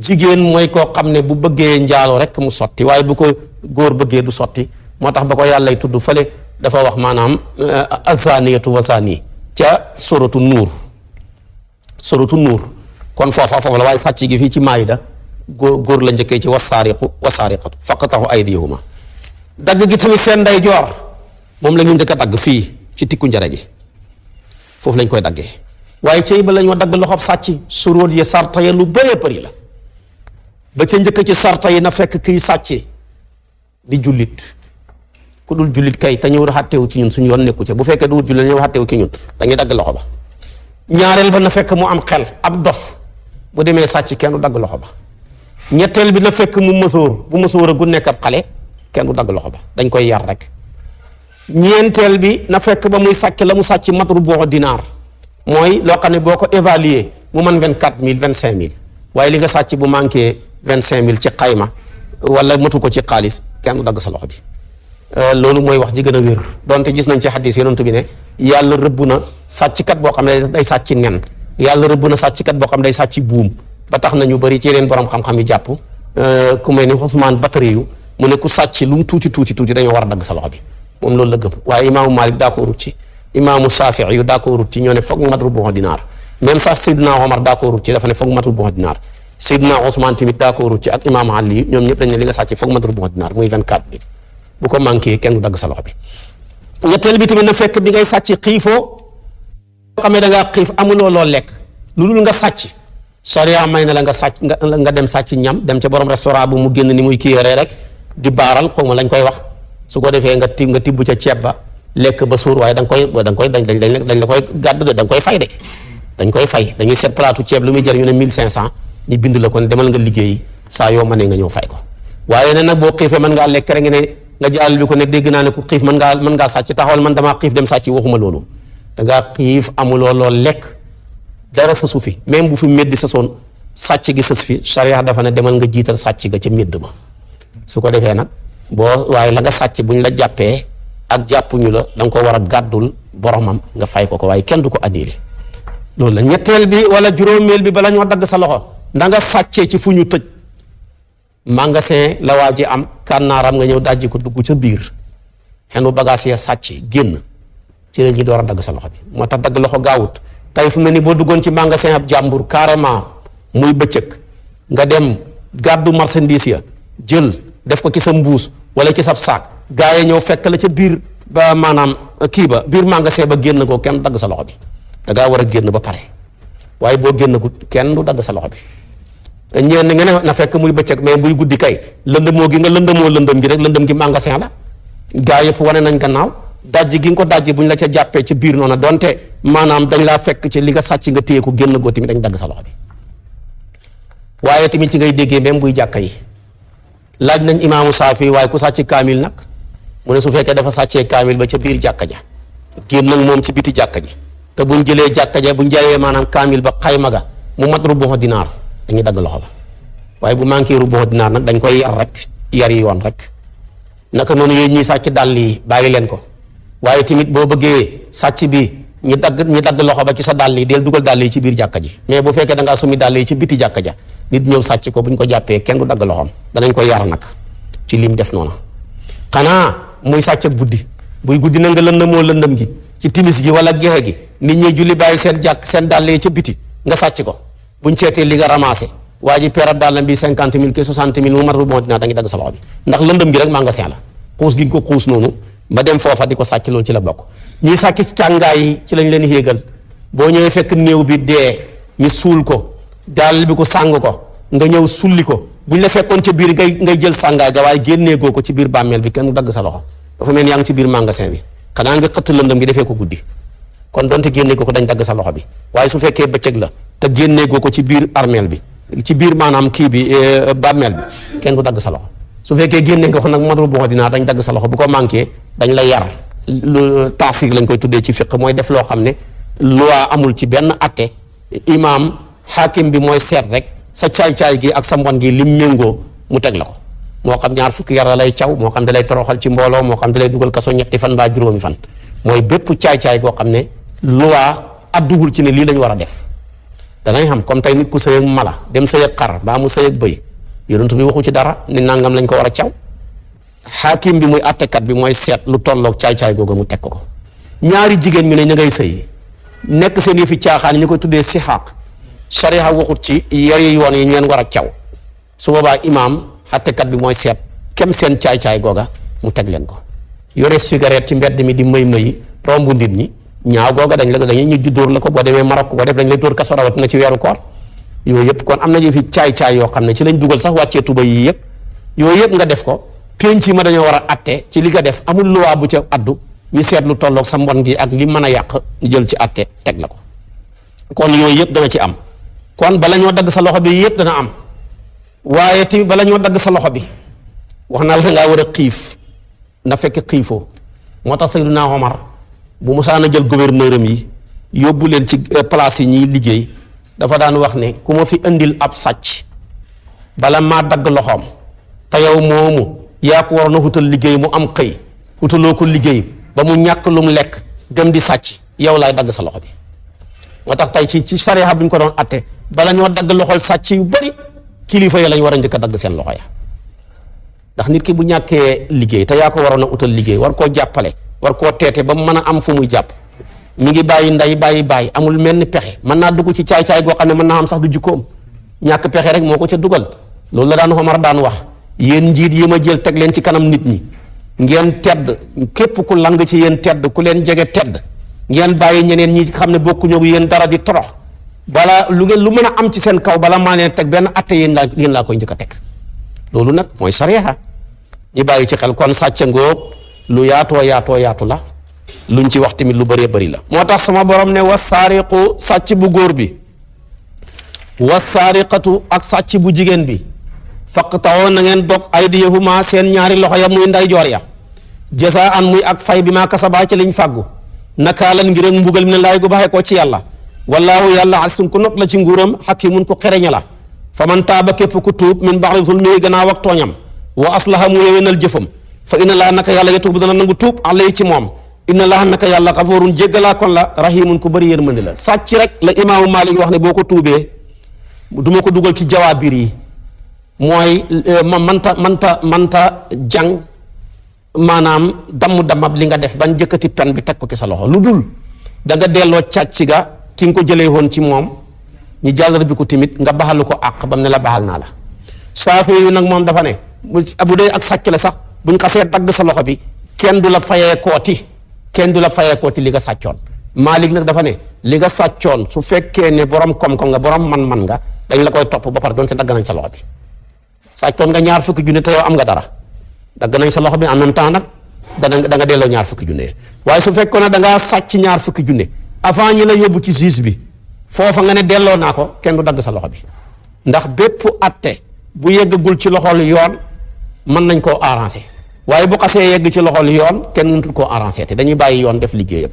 jigéen mooy koo xam ne bu bëggee njaaloo rek mu sotti waaye bu ko góor bëggee du sotti moo tax ba ko yàllay tudd fële dafa wax maanaam euh, azaniyatu wasaani ca suratu nuur suratu nuur kon foofa foofu la waaye fàcc gi fii ci maayida góor góor la njëkkee ci wasaariqu wasaariqatu faqatahu aydiyahuma dagg gi tamit seen nday joor moom la ñuy njëkk a dagg fii ci tikku njare gi foofu lañ koy daggee waaye cey ba la ñoo dagg loxob sàcc suróot yi sarta ya lu bëree bari la ba ca njëkk ci sarta yi na fekk kiy sàcc di jullit ku dul jullit kay te ñëw xàttewu ci ñun suñu yoon nekku ca bu fekkee du wut jullit ñëw xàttewu ci ñun dañuy dagg loxo ba ñaareel ba na fekk mu am xel ab dof bu demee sàcc kenn du dagg loxo ba ñetteel bi na fekk mu mësoor bu mësoor a gu nekk ab xale kenn du dagg loxo ba dañ koy yar rek ñeenteel bi na fekk ba muy sàcc la mu sàcc matru boo dinaar mooy loo xam ne boo ko évaluer mu man vingt quatre mille vingt cinq mille waaye li nga sàcc bu manqué vingt cinq mille ci xayma wala matu ko ci xaalis kenn du dagg sa loxo bi euh, loolu mooy wax ji gën a wér donte gis nañ ci xaddis yonent bi ne yàlla rëbb na sàcckat boo xam ne day sàcc nen yàlla rëbb na sàcckat boo xam day sàcc buum ba tax na ñu ci yeneen borom xam-xam yi jàpp euh, ku mel ni Ousmane Batariyu mu ne ku sàcc lu mu tuuti tuuti tuuti dañoo war a dagg sa loxo bi moom loolu la gëm waaye imaamu Malik daa ko rut ci imaamu Saafi yu daa ko rut ñoo ne foog mat rubu dinaar même sax daa ko rut ak imaam Ali ñoom ñëpp dañ li nga sàcc foog mat rubu dinaar muy 24 kenn dagg sa loxo bi ñetteel bi tamit na fekk bi ngay yoo xam ne da xiif amuloo loo lekk lu dul nga sàcc sariya may na la nga sàcc nga dem sàcc ñam dem ca borom restaurant bu mu génn ni muy kii yoree rek di baaral xaw ma lañ koy wax su ko defee nga ti nga tibb ca ceeb ba lekk ba suur waaye da nga koy da nga koy dañ dañ dañ gàdd de da nga koy fay de dañ koy fay dañuy seet plaatu ceeb lu muy jar ñu ne 1500 ñu bind la kon demal nga liggéey saa yoo mënee nga ñëw fay ko waaye ne nag boo xiifee mën ngaa lekk rek nga ne nga jaal ko ne dégg naa ne ku xiif mën ngaa mën ngaa sàcc taxawal man damaa xiif dem sàcc waxuma loolu dangaa xiif amuloo lool lekk dara sa sufi même bu fi médd sa soon sàcc gi sës fi charia dafa ne demal nga jiital sàcc ga ca médd ma su ko defee nag boo waaye la nga sàcc buñ la jàppee ak jàppuñu la danga ko war a gàddul boromam nga fay ko ko waaye kenn du ko addiile loolu la ñetteel bi wala juróomeel bi bala ñoo dagg sa loxo na nga sàccee ci fu ñu tëj magasin la waa ji am kànnaaram nga ñëw dajji ko dugg ca biir xenu bagaas ya sàcc génn ci la ñuy door a dagg sa loxo bi moo tax dagg loxo gaawut tey fu mel ni boo duggoon ci magasin ab jàmbur carrément muy bëccëg nga dem gàddu marchandise ya jël def ko ci sa mbuus wala ci sab saak gaa yi ñëw fekk la ca biir ba maanaam kii ba biir magasin ba génn ko kenn dagg sa loxo bi da war a génn ba pare waaye boo génn ko kenn du dagg sa loxo bi ñeen nga ne na fekk muy bëccëg mais buy guddi kay lëndëmoo gi nga lëndëmoo lëndëm gi rek lëndëm gi magasin la gaa yëpp wane nañ gannaaw dajj gi nga ko dàjj bu ñu la ca jàppee ci biir noonu donte maanaam dañ laa fekk ci li nga sàcc nga téye ko génn góor tamit dañ dagg sa loxo bi waaye tamit ci ngay déggee même buy jàkka yi laaj nañ imaamu saafi waaye ku sàcc kaamil nag mu ne su fekkee dafa sàccee kaamil ba ca biir jàkka ja génn nag moom ci biti jàkka ji te buñ jëlee jàkka ja buñ jëlee maanaam kaamil ba xayma ga mu mat rubu dinaar dañuy dagg loxo ba waaye bu manqué rubu dinaar nag dañ koy yar rek yar yi yoon rek naka noonu yéen ñiy sàcc dàll yi bàyyi leen ko waaye tamit boo bëggee sàcc bi ñu dagg ñu dagg loxo ba ci sa dàll yi dee dugal dàll yi ci biir jàkka ji mais bu fekkee da ngaa sumi dàll yi ci biti jàkka ja nit ñëw sàcc ko bu ñu ko jàppee kenn du dagg loxoom danañ ko yar nag ci lim def noonu xanaa muy sàcc guddi buy guddi na nga lëndamoo lëndam gi ci timis gi wala gexe gi nit ñi julli bàyyi seen jàkk seen dàll yi ca biti nga sàcc ko buñ seetee li nga ramassé waa ji peerab dàllam bi cinquante mille ki soixante mille mu mat bu bon dinaa da ngi dagg sa loxo bi ndax lëndam gi rek maa nga seen la xuus gi nga ko xuus noonu ma dem foofa di ko sàcc loolu ci la bokk ñi sàcc ci càngaay ci lañ leen yéegal boo ñëwee fekk néew bi dee ñu suul ko daal bi ko sàng ko nga ñëw sulli ko buñ la fekkoon ci biir ngay ngay jël sàngaay ga waaye génnee goo ko ci biir bàmmeel bi kenn dagg sa loxo dafa yaa ngi ci biir magasin bi xanaa nga xëtt lëndëm gi defee ko guddi kon donte génnee goo ko dañ dagg sa loxo bi waaye su fekkee bëccëg la te génnee goo ko ci biir armeel bi ci biir maanaam kii bi eh, bàmmeel bi kenn du dagg sa loxo su fekkee génne nga ko nag madru bon dinaa dañ dagg sa loxo bu ko manqué dañ la yar lu taasir lañ koy tuddee ci fiq mooy def loo xam ne loi amul ci benn atte imaam xaakim bi mooy seet rek sa caay-caay gi ak sa mbon gi lim méngoo mu teg la ko moo xam ñaar fukki yar lay caw moo xam da lay toroxal ci mbooloo moo xam da lay dugal kaso ñetti fan mbaa juróomi fan mooy bépp caay-caay xam ne loi addugul ci ne lii lañ war a def danañ xam comme tey nit ku sëy ak mala dem sëy xar mbaa mu sëy ak bëy yonent bi waxu ci dara ni nangam lañ ko war a caw xaakim bi muy àttekat bi mooy seet lu tolloog caay-caay googu mu teg ko ñaari jigéen ñu ne ñu ngay sëy nekk seen fi caaxaan ñu koy tuddee sixaaq sariya waxut ci yari yoon yi ñu leen war a caw su boobaa imaam àttekat bi mooy seet kem seen caay-caay googa mu teg leen ko yore cigarette ci mbedd mi di mëy mëyi rombu nit ñi ñaaw googa dañ la dañu ñu dóor la ko boo demee Maroc ko def dañ lay dóor na ci weeru koor yooyu yëpp kon am nañu fi caay-caay yoo xam ne ci lañ dugal sax wàccee tuba yii yëpp yooyu yëpp nga def ko ci ma dañoo war a atte ci li nga def amul luwaa bu ca addu ñu seet lu tolloog sa mbon gi ak li mën a yàq jël ci atte teg la ko kon yooyu yëpp dana ci am kon bala ñoo dagg sa loxo bi yëpp dana am waaye ti bala ñoo dagg sa loxo bi wax naa la ngaa war a xiif na fekk xiifoo moo tax Seydina Omar bu musaana jël gouverneur am yi yóbbu leen ci euh, place yi ñuy liggéey dafa daan wax ne ku ma fi indil ab sàcc bala maa dagg loxoom te yow moomu yaa ko waroon a wutal liggéey mu am xëy wutaloo ko liggéey ba mu ñàkk lu mu lekk dem di sàcc yow laay dagg sa loxo bi moo tax tey ci ci sariya bi ñu ko doon atte bala ñoo dagg loxol sàcc yu bari kilifa yi lañ war a njëkk dagg seen loxo ya ndax nit ki bu ñàkkee liggéey te yaa ko waroon a utal liggéey war koo jàppale war koo teete ba mu mën a am fu muy jàpp mi ngi bàyyi nday bàyyi bàyyi amul mel ni pexe mën naa dugg ci caay-caay goo xam ne mën naa am sax du jikkoom ñàkk pexe rek moo ko ca dugal loolu la daan Omar daan wax yéen njiit yi ma jël teg leen ci kanam nit ñi ngeen tedd képp ku lang ci yéen tedd ku leen jege tedd ngeen bàyyi ñeneen ñi xam ne bokkuñu yéen dara di torox balaa lu ngeen lu mën a am ci seen kaw bala maa leen teg benn atte yéen laa laa koy njëkk a teg loolu nag mooy sariya ñi bàyyi ci xel kon sàcc ngoog lu yaatoo yaatoo yaatu la luñ ci wax tamit lu bëree bëri la moo tax sama borom ne wasaariqu sàcc bu góor bi wasaariqatu ak sàcc bu jigéen bi faqta'u na ngeen dog aydiyahuma seen ñaari loxo ya muy ndeyjoor ya jasa an muy ak fay bi maa kasabaa ci liñ fàggu nakaalan ngir ak mbugal mi ne laay gu baxee koo ci yàlla wallaahu yàlla asun ku not la ci nguuram xakimun ku xereña la fa man taaba képp ku tuub min baxdi zulmihi gannaaw ak tooñam wa aslaha mu yewenal jëfam fa inna laa naka yàlla yatubu dana nangu tuub alay ci moom inna laaha naka yàlla xafoorun jéggalaa kon la rahimun ku bëri yërmande la sàcc rek la imaamu Maalik wax ne boo ko tuubee du ko dugal ci jawaabir yi mooy euh, ma manta manta manta jàng maanaam damm-damab li nga def ban jëkkati pen bi teg ko ci sa loxo lu dul da nga delloo càcc ga ki nga ko jëlee woon ci moom ñu jàllar bi ko timit nga baxalu ko àq bam ne la baxal naa la saafee yu nag moom dafa ne bu dee ak sàcc la sax buñ xasee dagg sa loxo bi kenn du la fayee kooti kenn du la fayeekooti li nga sàccoon Malik nag dafa ne li nga sàccoon su fekkee ne borom koom-koom nga borom man-man nga dañ la koy topp ba pare doon doonte dagg nañ sa loxo bi sàccoon nga ñaar fukki junne te yow am nga dara dagg nañ sa loxo bi en même temps nag dana danga nga delloo ñaar fukki junne waaye su fekkoon ne danga ngaa sàcc ñaar fukki junne avant ñi la yóbbu ci juge bi foofa nga ne delloo naa ko kenn du dagg sa loxo bi ndax bépp atte bu yeggagul ci loxol yoon mën nañ koo arranger. waaye bu xasee yegg ci loxol yoon kenn mënatul koo arrangé te dañuy bàyyi yoon def liggéeyam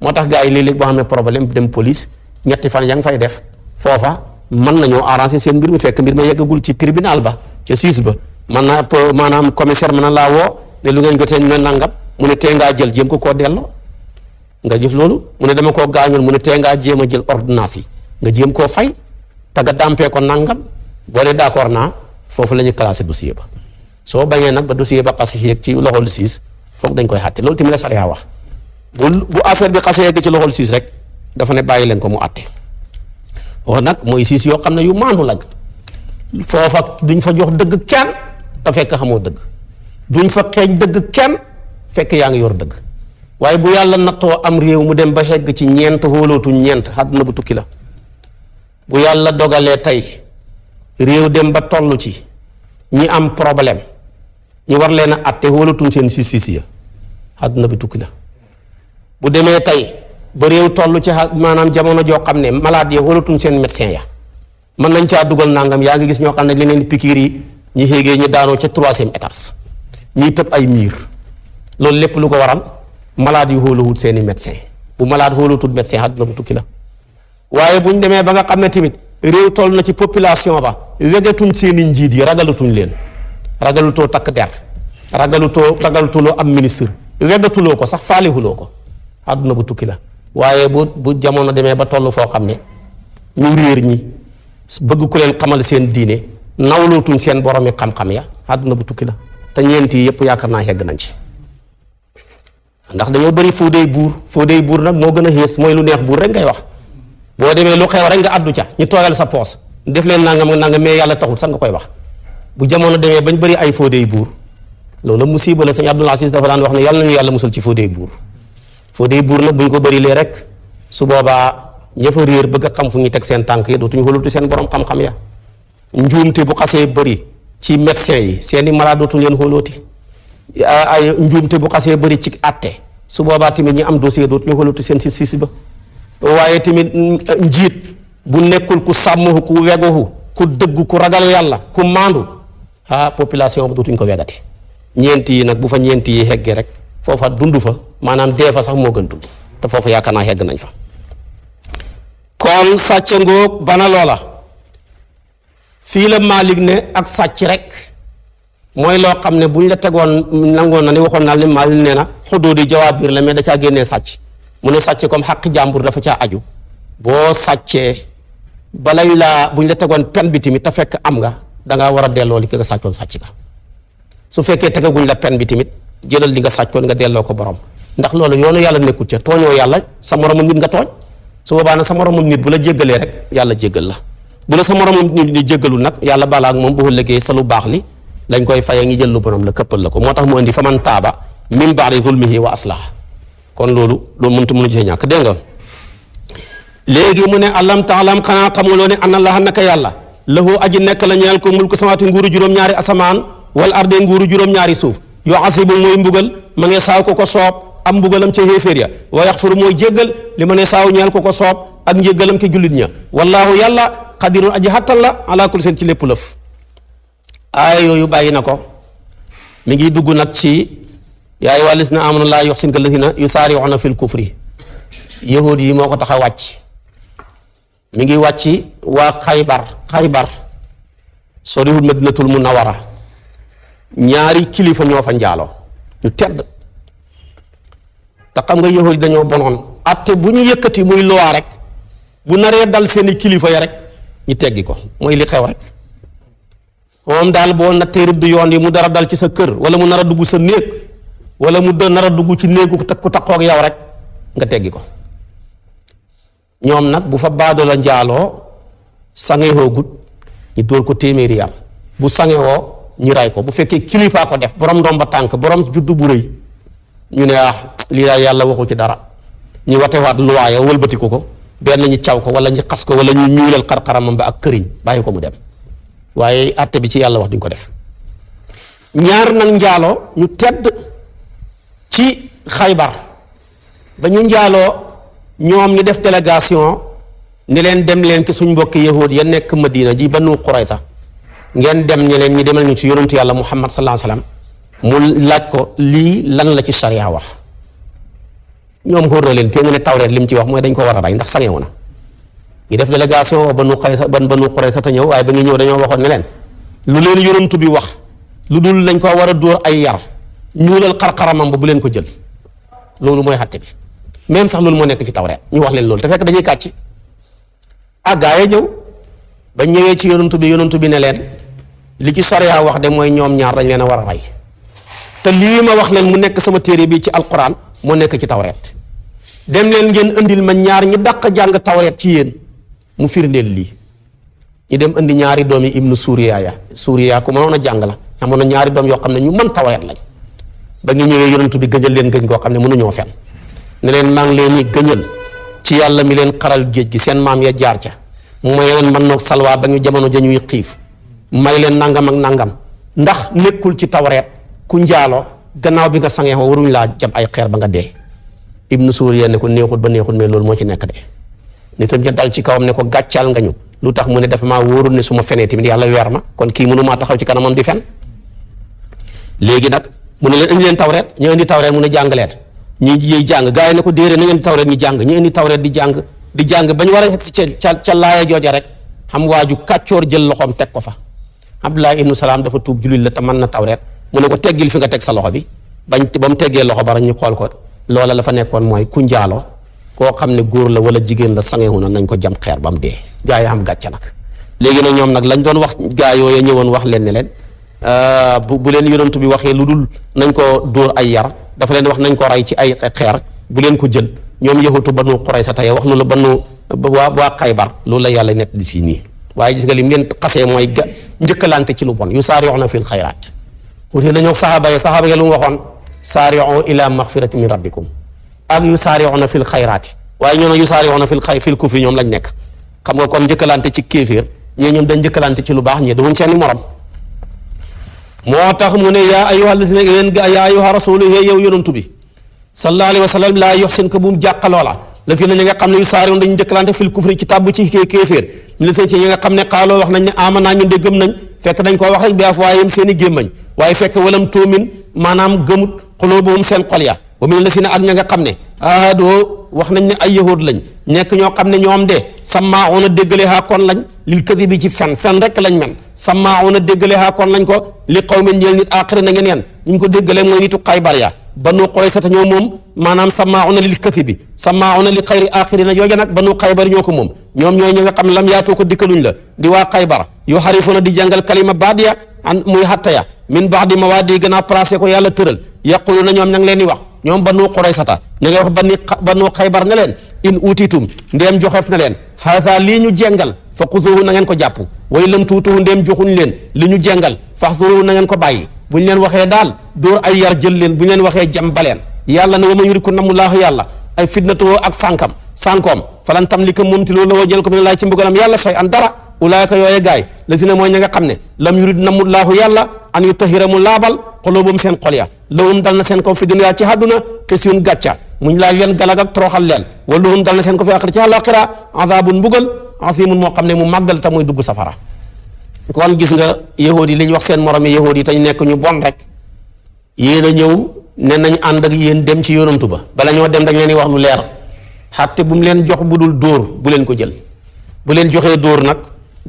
moo tax gaa yi léeg-léeg boo ne problème dem police ñetti fan ya nga fay def foofa mën nañoo arrangé seen mbir mu fekk mbir ma yeggagul ci tribunal ba ca siis ba man naa maanaam commissaire ma na laa woo ne lu ngeen jotee ñu ne nangam mu ne tee ngaa jël jéem ko koo delloo nga jëf loolu mu ne dama koo gaañoon mu ne tee ngaa jéem a jël ordonnance yi nga jéem koo fay te nga dàmpee nangam boo dee d'accord naa foofu la ñuy classé dossier soo bañee nag ba dossier ba xas yéeg ci loxol siis foog dañ koy àtte loolu tamit la sariya wax bu bu affaire bi xasee yegg ci loxol siis rek dafa ne bàyyi leen ko mu àtte wax nag mooy siis yoo xam ne yu maandu lañ foofa duñ fa jox dëgg kenn te fekk xamoo dëgg duñ fa xeeñ dëgg kenn fekk yaa ngi yor dëgg waaye bu yàlla nattoo am réew mu dem ba xegg ci ñeent xóolootuñ ñeent àdduna bu tukki la bu yàlla dogalee tey réew dem ba toll ci ñi am problème ñu war leen a atte wóolatuñ seen justice ya àdduna bi tukki na bu demee tey ba réew toll ci maanaam jamono joo xam ne malade ya wóolatuñ seen médecin ya mën nañ caa dugal nangam yaa ngi gis ñoo xam ne li leen pikiir yi ñu xéegee ñu daanoo ca troisième étage ñuy tëb ay miir loolu lépp lu ko waral malade yu xóolawut seen i médecin bu malade xóolawutul médecin àdduna bu tukki la waaye bu demee ba nga xam ne tamit réew toll na ci population ba wegetuñ seen i njiit yi ragalatuñ leen ragalutoo takk der ragalutoo ragalutuloo am ministre weddatuloo ko sax faalihuloo ko àdduna bu tukki la waaye bu bu jamono demee ba toll foo xam ne ñu réer ñi bëgg ko leen xamal seen diine nawlootuñ seen boromi xam-xam ya àdduna bu tukki la te ñeent yi yëpp yaakaar naa yegg nañ ci ndax dañoo bëri foo dey buur foo buur nag moo gën a xées mooy lu neex buur rek ngay wax boo demee lu xew rek nga addu ca ñu tooyal sa poos def leen nangam nangam mais yàlla taxul sax nga koy wax bu jamono demee bañ bëri ay fóodey buur loolu musiba la sëñ Abdul Aziz dafa daan wax ne yàlla nañu yàlla musal ci fóodey buur fóodey buur nag buñ ko bëri lee rek su boobaa ña fa réer bëgg xam fu ñu teg seen tànk yi dootuñu wóolatu seen borom xam-xam ya njuumte bu xasee bëri ci médecin yi seen i malade dootuñu leen xoolooti ay njuumte bu xasee bëri ci àtte su boobaa tamit ñi am dossier dootuñu xoolooti seen sis ba waaye tamit njiit bu nekkul ku sàmm ku weguhu ku dëgg ku ragal yàlla ku maandu. ah population bu dootuñ ko wegati ñeenti yi nag bu fa ñeenti yi heggee rek foofa dund fa maanaam dee fa sax moo gën dund te foofa yaakaar naa hegg nañ fa kon sàcc ngóog bana loola fii la Malick ne ak sàcc rek mooy loo xam ne buñ la tegoon nangoon na ni waxoon naa leen Malick nee na xuddoo di jawaabir la mais da caa génnee sàcc mu ne sàcc comme xàq jàmbur dafa ca aju boo sàccee balay laa buñ la tegoon pen bi tamit te fekk am nga dangaa war a delloo li nga sàccoon sàcc ka su fekkee tegaguñ la pen bi tamit jëlal li nga sàccoon nga delloo ko borom ndax loolu yoonu yàlla nekkul ca tooñoo yàlla sa moromam nit nga tooñ su boobaa nag sa moromam nit bu la jéggalee rek yàlla jéggal la bu la sa moromam nit ni jéggalul nag yàlla balaa ak moom bu ëllëgee sa lu baax li dañ koy fay a ngi jël lu borom la këppal la ko moo tax mu indi fa man taaba min ba'di zulmihi wa aslaha kon loolu loolu mënut a mën a jëfe ñàkk dégg nga léegi mu ne alam taalam xanaa xamuloo ne ana laa naka yàlla lahu aji nekk la ñeel ko mulku samaati nguuru juróom-ñaari asamaan wal arde nguuru juróom-ñaari suuf yoo asibu mooy mbugal ma ne saaw ko ko soob am mbugalam ca xéeféer ya wa yaxfuru mooy jéggal li ma ne saaw ñeel ko ko soob ak njéggalam ca jullit ña wallaahu yàlla xadirun aji la alaa kulli seen ci lépp lëf aaya yooyu bàyyi na ko mu ngi dugg nag ci yaay wàllis na amanu laa yox sin ka lasina yusaariuuna fil kufri yahud yi moo ko tax a wàcc mi ngi wàcc waa xaybar xaybar soriwul madinatul munawara ñaari kilifa ñoo fa njaalo ñu tedd te xam nga yahudi dañoo bonoon atte bu ñu yëkkati muy loi rek bu naree dal seeni kilifa ya rek ñu teggi ko mooy li xew rek moom daal boo nattee rëdd yoon yi mu dara dal ci sa kër wala mu nar a dugg sa néeg wala mu nar a dugg ci néegu ku takkoog yow rek nga teggi ko ñoom nag bu fa baadoo la njaaloo sangewoo gut ñu dóor ko téeméeri yar bu sangewoo ñu ray ko bu fekkee kilifaa ko def borom ndomba tànk borom juddu bu rëy ñu ne ah lii daal yàlla waxu ci dara ñu watewaat luwaaya wëlbatiku ko benn ñu caw ko wala ñu xas ko wala ñuy ñuuleel xar-xaramam ba ak këriñ bàyyi ko mu dem waaye àtte bi ci yàlla wax duñ ko def ñaar nag njaaloo ñu tedd ci xaybar ba ñu njaaloo ñoom ñu def délégation ni leen dem leen ki suñ mbokki yahuud ya nekk Madina ji Banu Qurayza ngeen dem ñi leen ñi demal ñu ci yonentu yàlla Muhammad sallallahu alayhi wa sallam mu laaj ko lii lan la ci sariya wax ñoom xóor na leen pé nga ne tawreet li mu ci wax mooy dañ ko war a rey ndax sangewu na ñu def délégation wa Banu Qurayza ban Banu Qurayza te ñëw waaye ba ngi ñëw dañoo waxoon ne leen lu leen yonentu bi wax lu dul lañ ko war a dóor ay yar ñuulal xarxaramam ba bu leen ko jël loolu même sax loolu moo nekk ci tawreet ñu wax leen loolu te fekk dañuy kàcc ah gaa yi ñëw ba ñëwee ci yonantu bi yonantu bi ne leen li ci sariya wax de mooy ñoom ñaar dañ leen a war a rey te lii ma wax leen mu nekk sama téere bi ci alquran moo nekk ci tawreet dem leen ngeen indil ma ñaar ñu dàq jàng tawreet ci yéen mu firndeel lii ñu dem indi ñaari doom yi ibnu suuriya ya suuriya ku mënoon a jàng la amoon na ñaari doom yoo xam ne ñu mën tawreet lañ ba ngi ñëwee yonantu bi gëjal leen gëñ koo xam ne mënuñoo fen ne leen leen di gëñal ci yàlla mi leen xaral géej gi seen maam ya jaar ca may man mën na salwaa ba ñu jamono ja ñuy xiif may leen nangam ak nangam ndax nekkul ci tawreet ku njaaloo gannaaw bi nga sangee ko waruñ laa jam ay xeer ba nga dee ibnu suuriya ne ko neexul ba neexul mais loolu moo ci nekk de nitam ja dal ci kawam ne ko gàccaal nga ñu lu tax mu ne dafa maa wóorul ne su ma fenee tamit yàlla weer ma kon kii mënu maa taxaw ci kanamam di fen léegi nag mu ne leen indi leen tawreet ñu indi tawreet mu ne jàng leen ñi ñuy jàng gaay yi ne ko déere na ngeen di tawreet ñu jàng ñu indi tawreet di jàng di jàng bañ war a yegg si ca ca jooja rek xam waaju kàccoor jël loxoom teg ko fa Abdullah ibnu Salaam dafa tuub jullit la te mën na tawreet mu ne ko teggil fi nga teg sa loxo bi bañ ba mu teggee loxo ba rek ñu xool ko loola la fa nekkoon mooy ku njaalo koo xam ne góor la wala jigéen la sangee na nañ ko jam xeer ba mu dee gaa yi am gàcce nag léegi nag ñoom nag lañ doon wax gaa yooya ñëwoon wax leen ne leen euh, bu bu leen yonantu bi waxee lu dul nañ ko dóor ay yar dafa leen wax nañ ko rey ci ay xeer bu leen ko jël ñoom yahutu banu Qurayza tey wax na la banu waa waa Xaybar loolu la yàlla nett di sii nii waaye gis nga li mu leen xasee mooy ga njëkkalante ci lu bon yusaari'uuna fil xayraat wutee nañoo saxaaba yi saxaaba yi lu mu waxoon saari'u ila maxfirati min rabbikum ak yusaari'uuna fil xayraati waaye ñoo ne yusaari'uuna fil xay fil kufri ñoom lañ nekk xam nga kon njëkkalante ci kéeféer ñii ñoom dañ njëkkalante ci lu baax ñii dawuñ seeni morom moo tax mu ne yaa ayyuha lazina yéen ga yaa ayyuha rasulu yee yow yonantu bi sallallahu alayhi wa sallam laa yox seen ko bu mu jàqaloo la lazina ñi nga xam ne yu saari woon dañu njëkkalante fil kufri ci tàbb ci kee kéeféer mi la seen ci ñi xam ne xaaloo wax nañ ne ama naa ñun de gëm nañ fekk dañ ko wax rek bi afwaayam seen i gémmañ waaye fekk walam tuumin maanaam gëmut boom seen xol ya wa min lasina ak ña nga xam ne aadoo wax nañ ne ay yahood lañ nekk ñoo xam ne ñoom de sammaawuna déggale haa kon lañ lil kadi bi ci fen fen rek lañ men sammaawuna déggale haa kon lañ ko li xaw men ñeel nit aaxira na ngeen ñu ko déggalee mooy nitu Xaybar ya banu Qurayza ñoo moom maanaam sammaawuna lil kadi bi sammaawuna li xayri aaxiri na yooja nag banu Xaybar ñoo ko moom ñoom ñooy ñi nga xam lam yaatoo ko dikkaluñ la di waa Xaybar yu xarifuna di jàngal kalima baadiya an muy xattaya min baadi mawaadi gën a placé ko yàlla tëral yaqulu na ñoom ña ngi leen di wax ñoom banu Quraysata ña ngay wax bani banu Xaybar ne leen in utitum ndeem joxeef na leen haasa lii ñu jengal fa xuzuhu na ngeen ko jàpp way lam tuutuhu ndeem joxuñ leen li ñu jengal faxzuruhu na ngeen ko bàyyi bu ñu leen waxee daal dóor ay yar jël leen bu ñu leen waxee jam leen yàlla ne wa ma yuriku namulaahu yàlla ay fitnatoo ak sànkam sànkoom falan tam li ko moom ti loolu la woo jël ko mi ne laay ci yàlla say an dara ulaayka yooye gaay la si ne mooy ña nga xam ne lam yurid namullaahu yàlla an yu tahira mu ba mu seen xol ya lawum dal na seen ko fi duniyaa ci àdduna xis yun gàcca muñ laal leen galag ak toroxal leen waluhum seen ko fi axira ci àllaaxira azaabun mbugal moo xam ne mu màggal te muy dugg safara kon gis nga yahood yi li ñu wax seen morom yi yahood yi te nekk ñu bon rek yéen a ñëw nen nañ ànd ak yéen dem ci yonantu ba bala ñoo dem dañ leen wax lu leer xatte bu mu leen jox bu dul dóor bu leen ko jël bu leen joxee dóor nag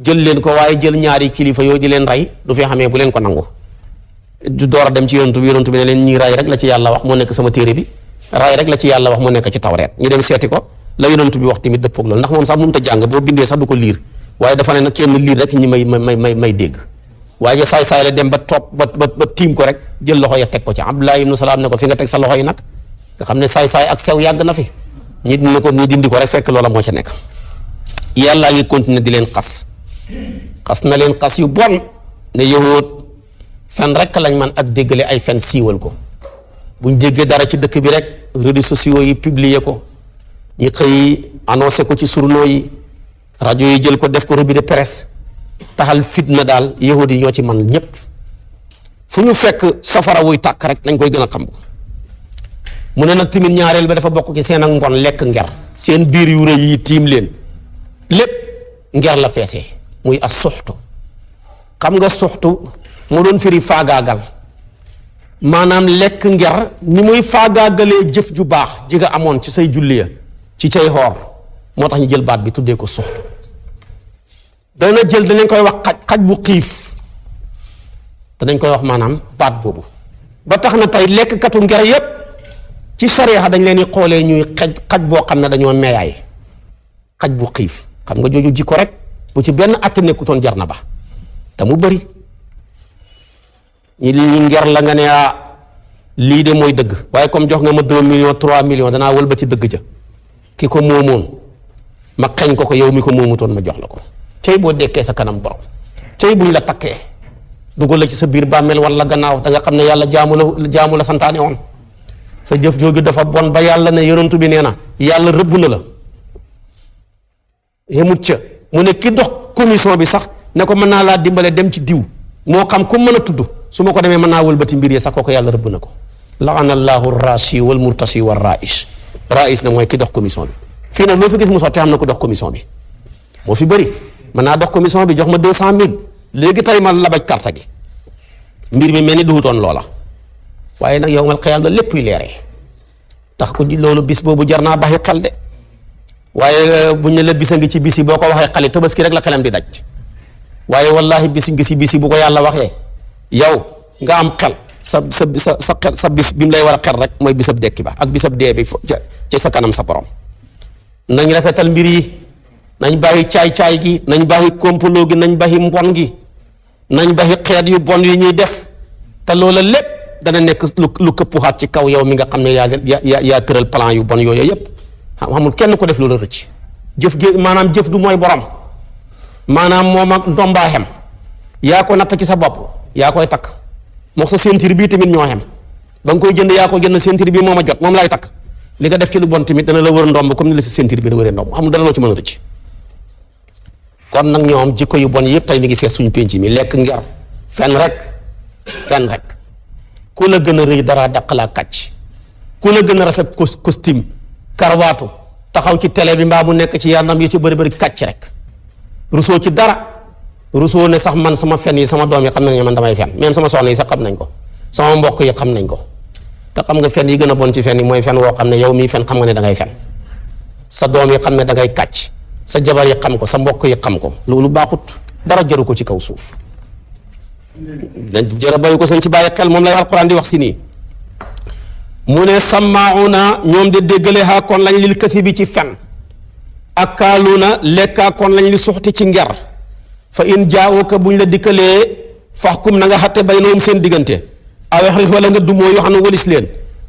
jël leen ko waaye jël ñaari kilifa yoo di leen rey du fi xamee bu leen ko nangu du door a dem ci yonent bi yonent bi ne leen ñi ray rek la ci yàlla wax moo nekk sama téere bi ray rek la ci yàlla wax moo nekk ci tawreet ñu dem seeti ko la yonent bi wax tamit dëppoog loolu ndax moom sax mënut a jàng boo bindee sax du ko liir waaye dafa ne nag kenn liir rek ñi may may may may dégg waaye saay-saay la dem ba topp ba ba tiim ko rek jël loxo ya teg ko ci Abdullah ibnu Salaam ne ko fi nga teg sa loxo yi nag nga xam ne saay-saay ak sew yàgg na fi ñi ne ko ñu dindi ko rek fekk loola moo ca nekk yàllaa ngi continuer di leen xas xas na leen xas yu bon ne yahud fen rek lañ man ak déggale ay fen siiwal ko buñ déggee dara ci dëkk bi rek réseaux sociaux yi publier ko ñi xëy annoncé ko ci journaux yi rajo yi jël ko def ko revue de presse taxal fitna daal yahud yi ñoo ci man ñépp fu ñu fekk safara wuy takk rek nañ koy gën a xam ko mu ne nag tamit ñaareel bi dafa bokk ci seen ak ngon lekk nger seen biir yu rëy yi tiim leen lépp nger la feesee muy as suxtu xam nga suxtu moo doon firi faagaagal maanaam lekk nger ni muy faagaagalee jëf ju baax ji nga amoon ci say julliya ci say xoor moo tax ñu jël baat bi tuddee ko suxtu dana jël danañ koy wax xaj xaj bu xiif danañ koy wax maanaam baat boobu ba tax na tey lekkkatu nger yépp ci sariya dañ leen xoolee ñuy xaj xaj boo xam ne dañoo meeyaay xaj bu xiif xam nga jooju ko rek bu ci benn atte nekkutoon jar na ba te mu bari ñi ñi nger la nga ne a ah, lii de mooy dëgg waaye comme jox nga ma doo millions trois millions danaa ba ci dëgg ja ki ko moomoon ma xañ ko ko yow mi ko moomutoon ma jox la ko cey boo dekkee sa kanam borom cey buñ la takkee dugal la ci sa biir bàmmeel wala gannaaw danga xam ne yàlla jaamu la jaamu la santaane woon sa jëf jooju dafa bon ba yàlla na yonantu bi nee na yàlla rëbb na la yemut ca mu ne ki dox commission bi sax ne ko mën naa laa dimbale dem ci diw moo xam ku mën a tudd su ma ko demee mën naa wëlbati mbir yi sax kooku yàlla rëbb na ko laana allahu rashi wal murtashi wa rais rais nag mooy ki dox commission bi fii nag loo fi gis mu sotti am na ko dox commission bi moo fi bëri mën naa dox commission bi jox ma deux cent mille léegi tey ma labaj carte gi mbir mi mel ni duhutoon loola waaye nag yow mal xayaam la lépp yu leeree tax ku loolu boobu jar naa baxi xel waaye eh, bu ñu la bisa ngi ci bis yi boo ko waxee xale tabaski rek la xelam bi daj waaye wallahi bis ngi si bis yi bu ko yàlla waxee yow nga am xel sa sa sa sa bis bi mu lay war a xel rek mooy bisab dekki ba ak bisab dee bi ci sa kanam sa borom nañ rafetal mbir yi nañ bàyyi caay-caay gi nañ bàyyi complot gi nañ bàyyi mbon gi nañ bàyyi xeet yu bon yu ñuy def te loola lépp dana nekk lu lu xaat ci kaw yow mi nga xam ne yaa yaa yaa tëral plan yu bon yooyu yëpp xamul ah, kenn ko def loolu rëcc jëf gi maanaam jëf du mooy borom maanaam moom ak ndombaa xem yaa ko natt ci sa bopp yaa koy takk mook sa ceinture bii tamit ñoo xem ba nga koy jënd yaa ko jënd ceinture bii moom a jot moom laay takk li nga def ci lu bon tamit dana la wër ndomb comme ni la sa ceinture bi la wëree ndomb xamul dara loo ci mën a rëcc kon nag ñoom jikko yu bon yëpp tey li ngi fees suñu penc mi lekk nger fen rek fen rek ku la gën a rëy dara laa kàcc ku la gën a rafet costume karwaatu taxaw ci télé bi mbaa mu nekk ci yaram yi ci bari bari kàcc rek rusoo ci dara rusoo ne sax man sama fen yi sama doom yi xam nañ ne man damay fen même sama soxna yi sax xam nañ ko sama mbokk yi xam nañ ko te xam nga fen yi gën a bon ci fen yi mooy fen woo xam ne yow mii fen xam nga ne da ngay fen sa doom yi xam ne dangay ngay kàcc sa jabar yi xam ko sa mbokk yi xam ko lu baaxut dara jëru ko ci kaw suuf jërë bayu ko sañ ci bàyyi xel moom lay alquran di wax si nii mu ne sàmmaauna ñoom de déggale xaa kon lañ lil kasi bi ci fen ak kaalu na kon lañ li suxti ci nger fa in bu ñu la dikkalee faxkum na nga xatte baynahum seen diggante aw ixrif wala nga dumoo yoo xam ne walis leen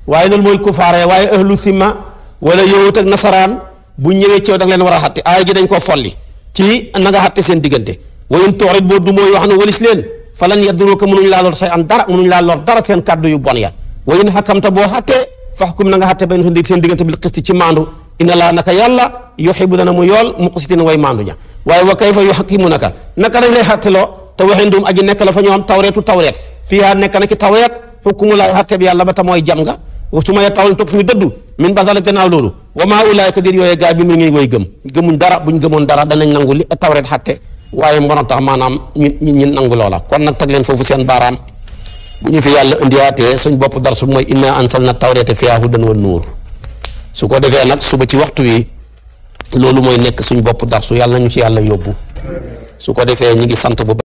waaye loolu mooy kufaare waaye ahlu simma wala yowut ak nasaraan bu ñëwee ceew da nga leen war a xatte ko folli ci na nga xatte seen diggante wa in turid boo dumoo yoo xam ne walis leen fa lan yadduruka mënuñ laa lor say an dara mënuñ laa lor dara seen kàddu yu bon ya wa in xakamta boo xattee na nga xatte bayn ndig seen diggante bil xisti ci maandu inna laa naka yàlla yuxibu dana mu yool muqsitin way maandu ña waaye wa kayfa yuxakimunaka nekk la fa ñoom tawreetu tawreet fiihaa nekk na ci tawreet xukkumu laay xatte bi yàlla ba ta mooy jam nga su ma yettawal topp ñu dëddu min basal gannaaw loolu wa maa ulaayka dir yooyee gaay bi mu ngi way gëm gëmuñ dara buñ gëmoon dara danañ nangu li tawreet xatte waaye mbona tax maanaam ñu ñu nangu loola kon nag teg leen foofu seen baaraam bu ñu fi yàlla indiwaatee suñ bopp dar su mooy inna anzalna tawrata fiha hudan wa nuur su ko defee nag suba ci waxtu wi loolu mooy nekk suñ bopp dar su yàlla ñu ci yàlla yóbbu su ko defee ñu ngi sant bu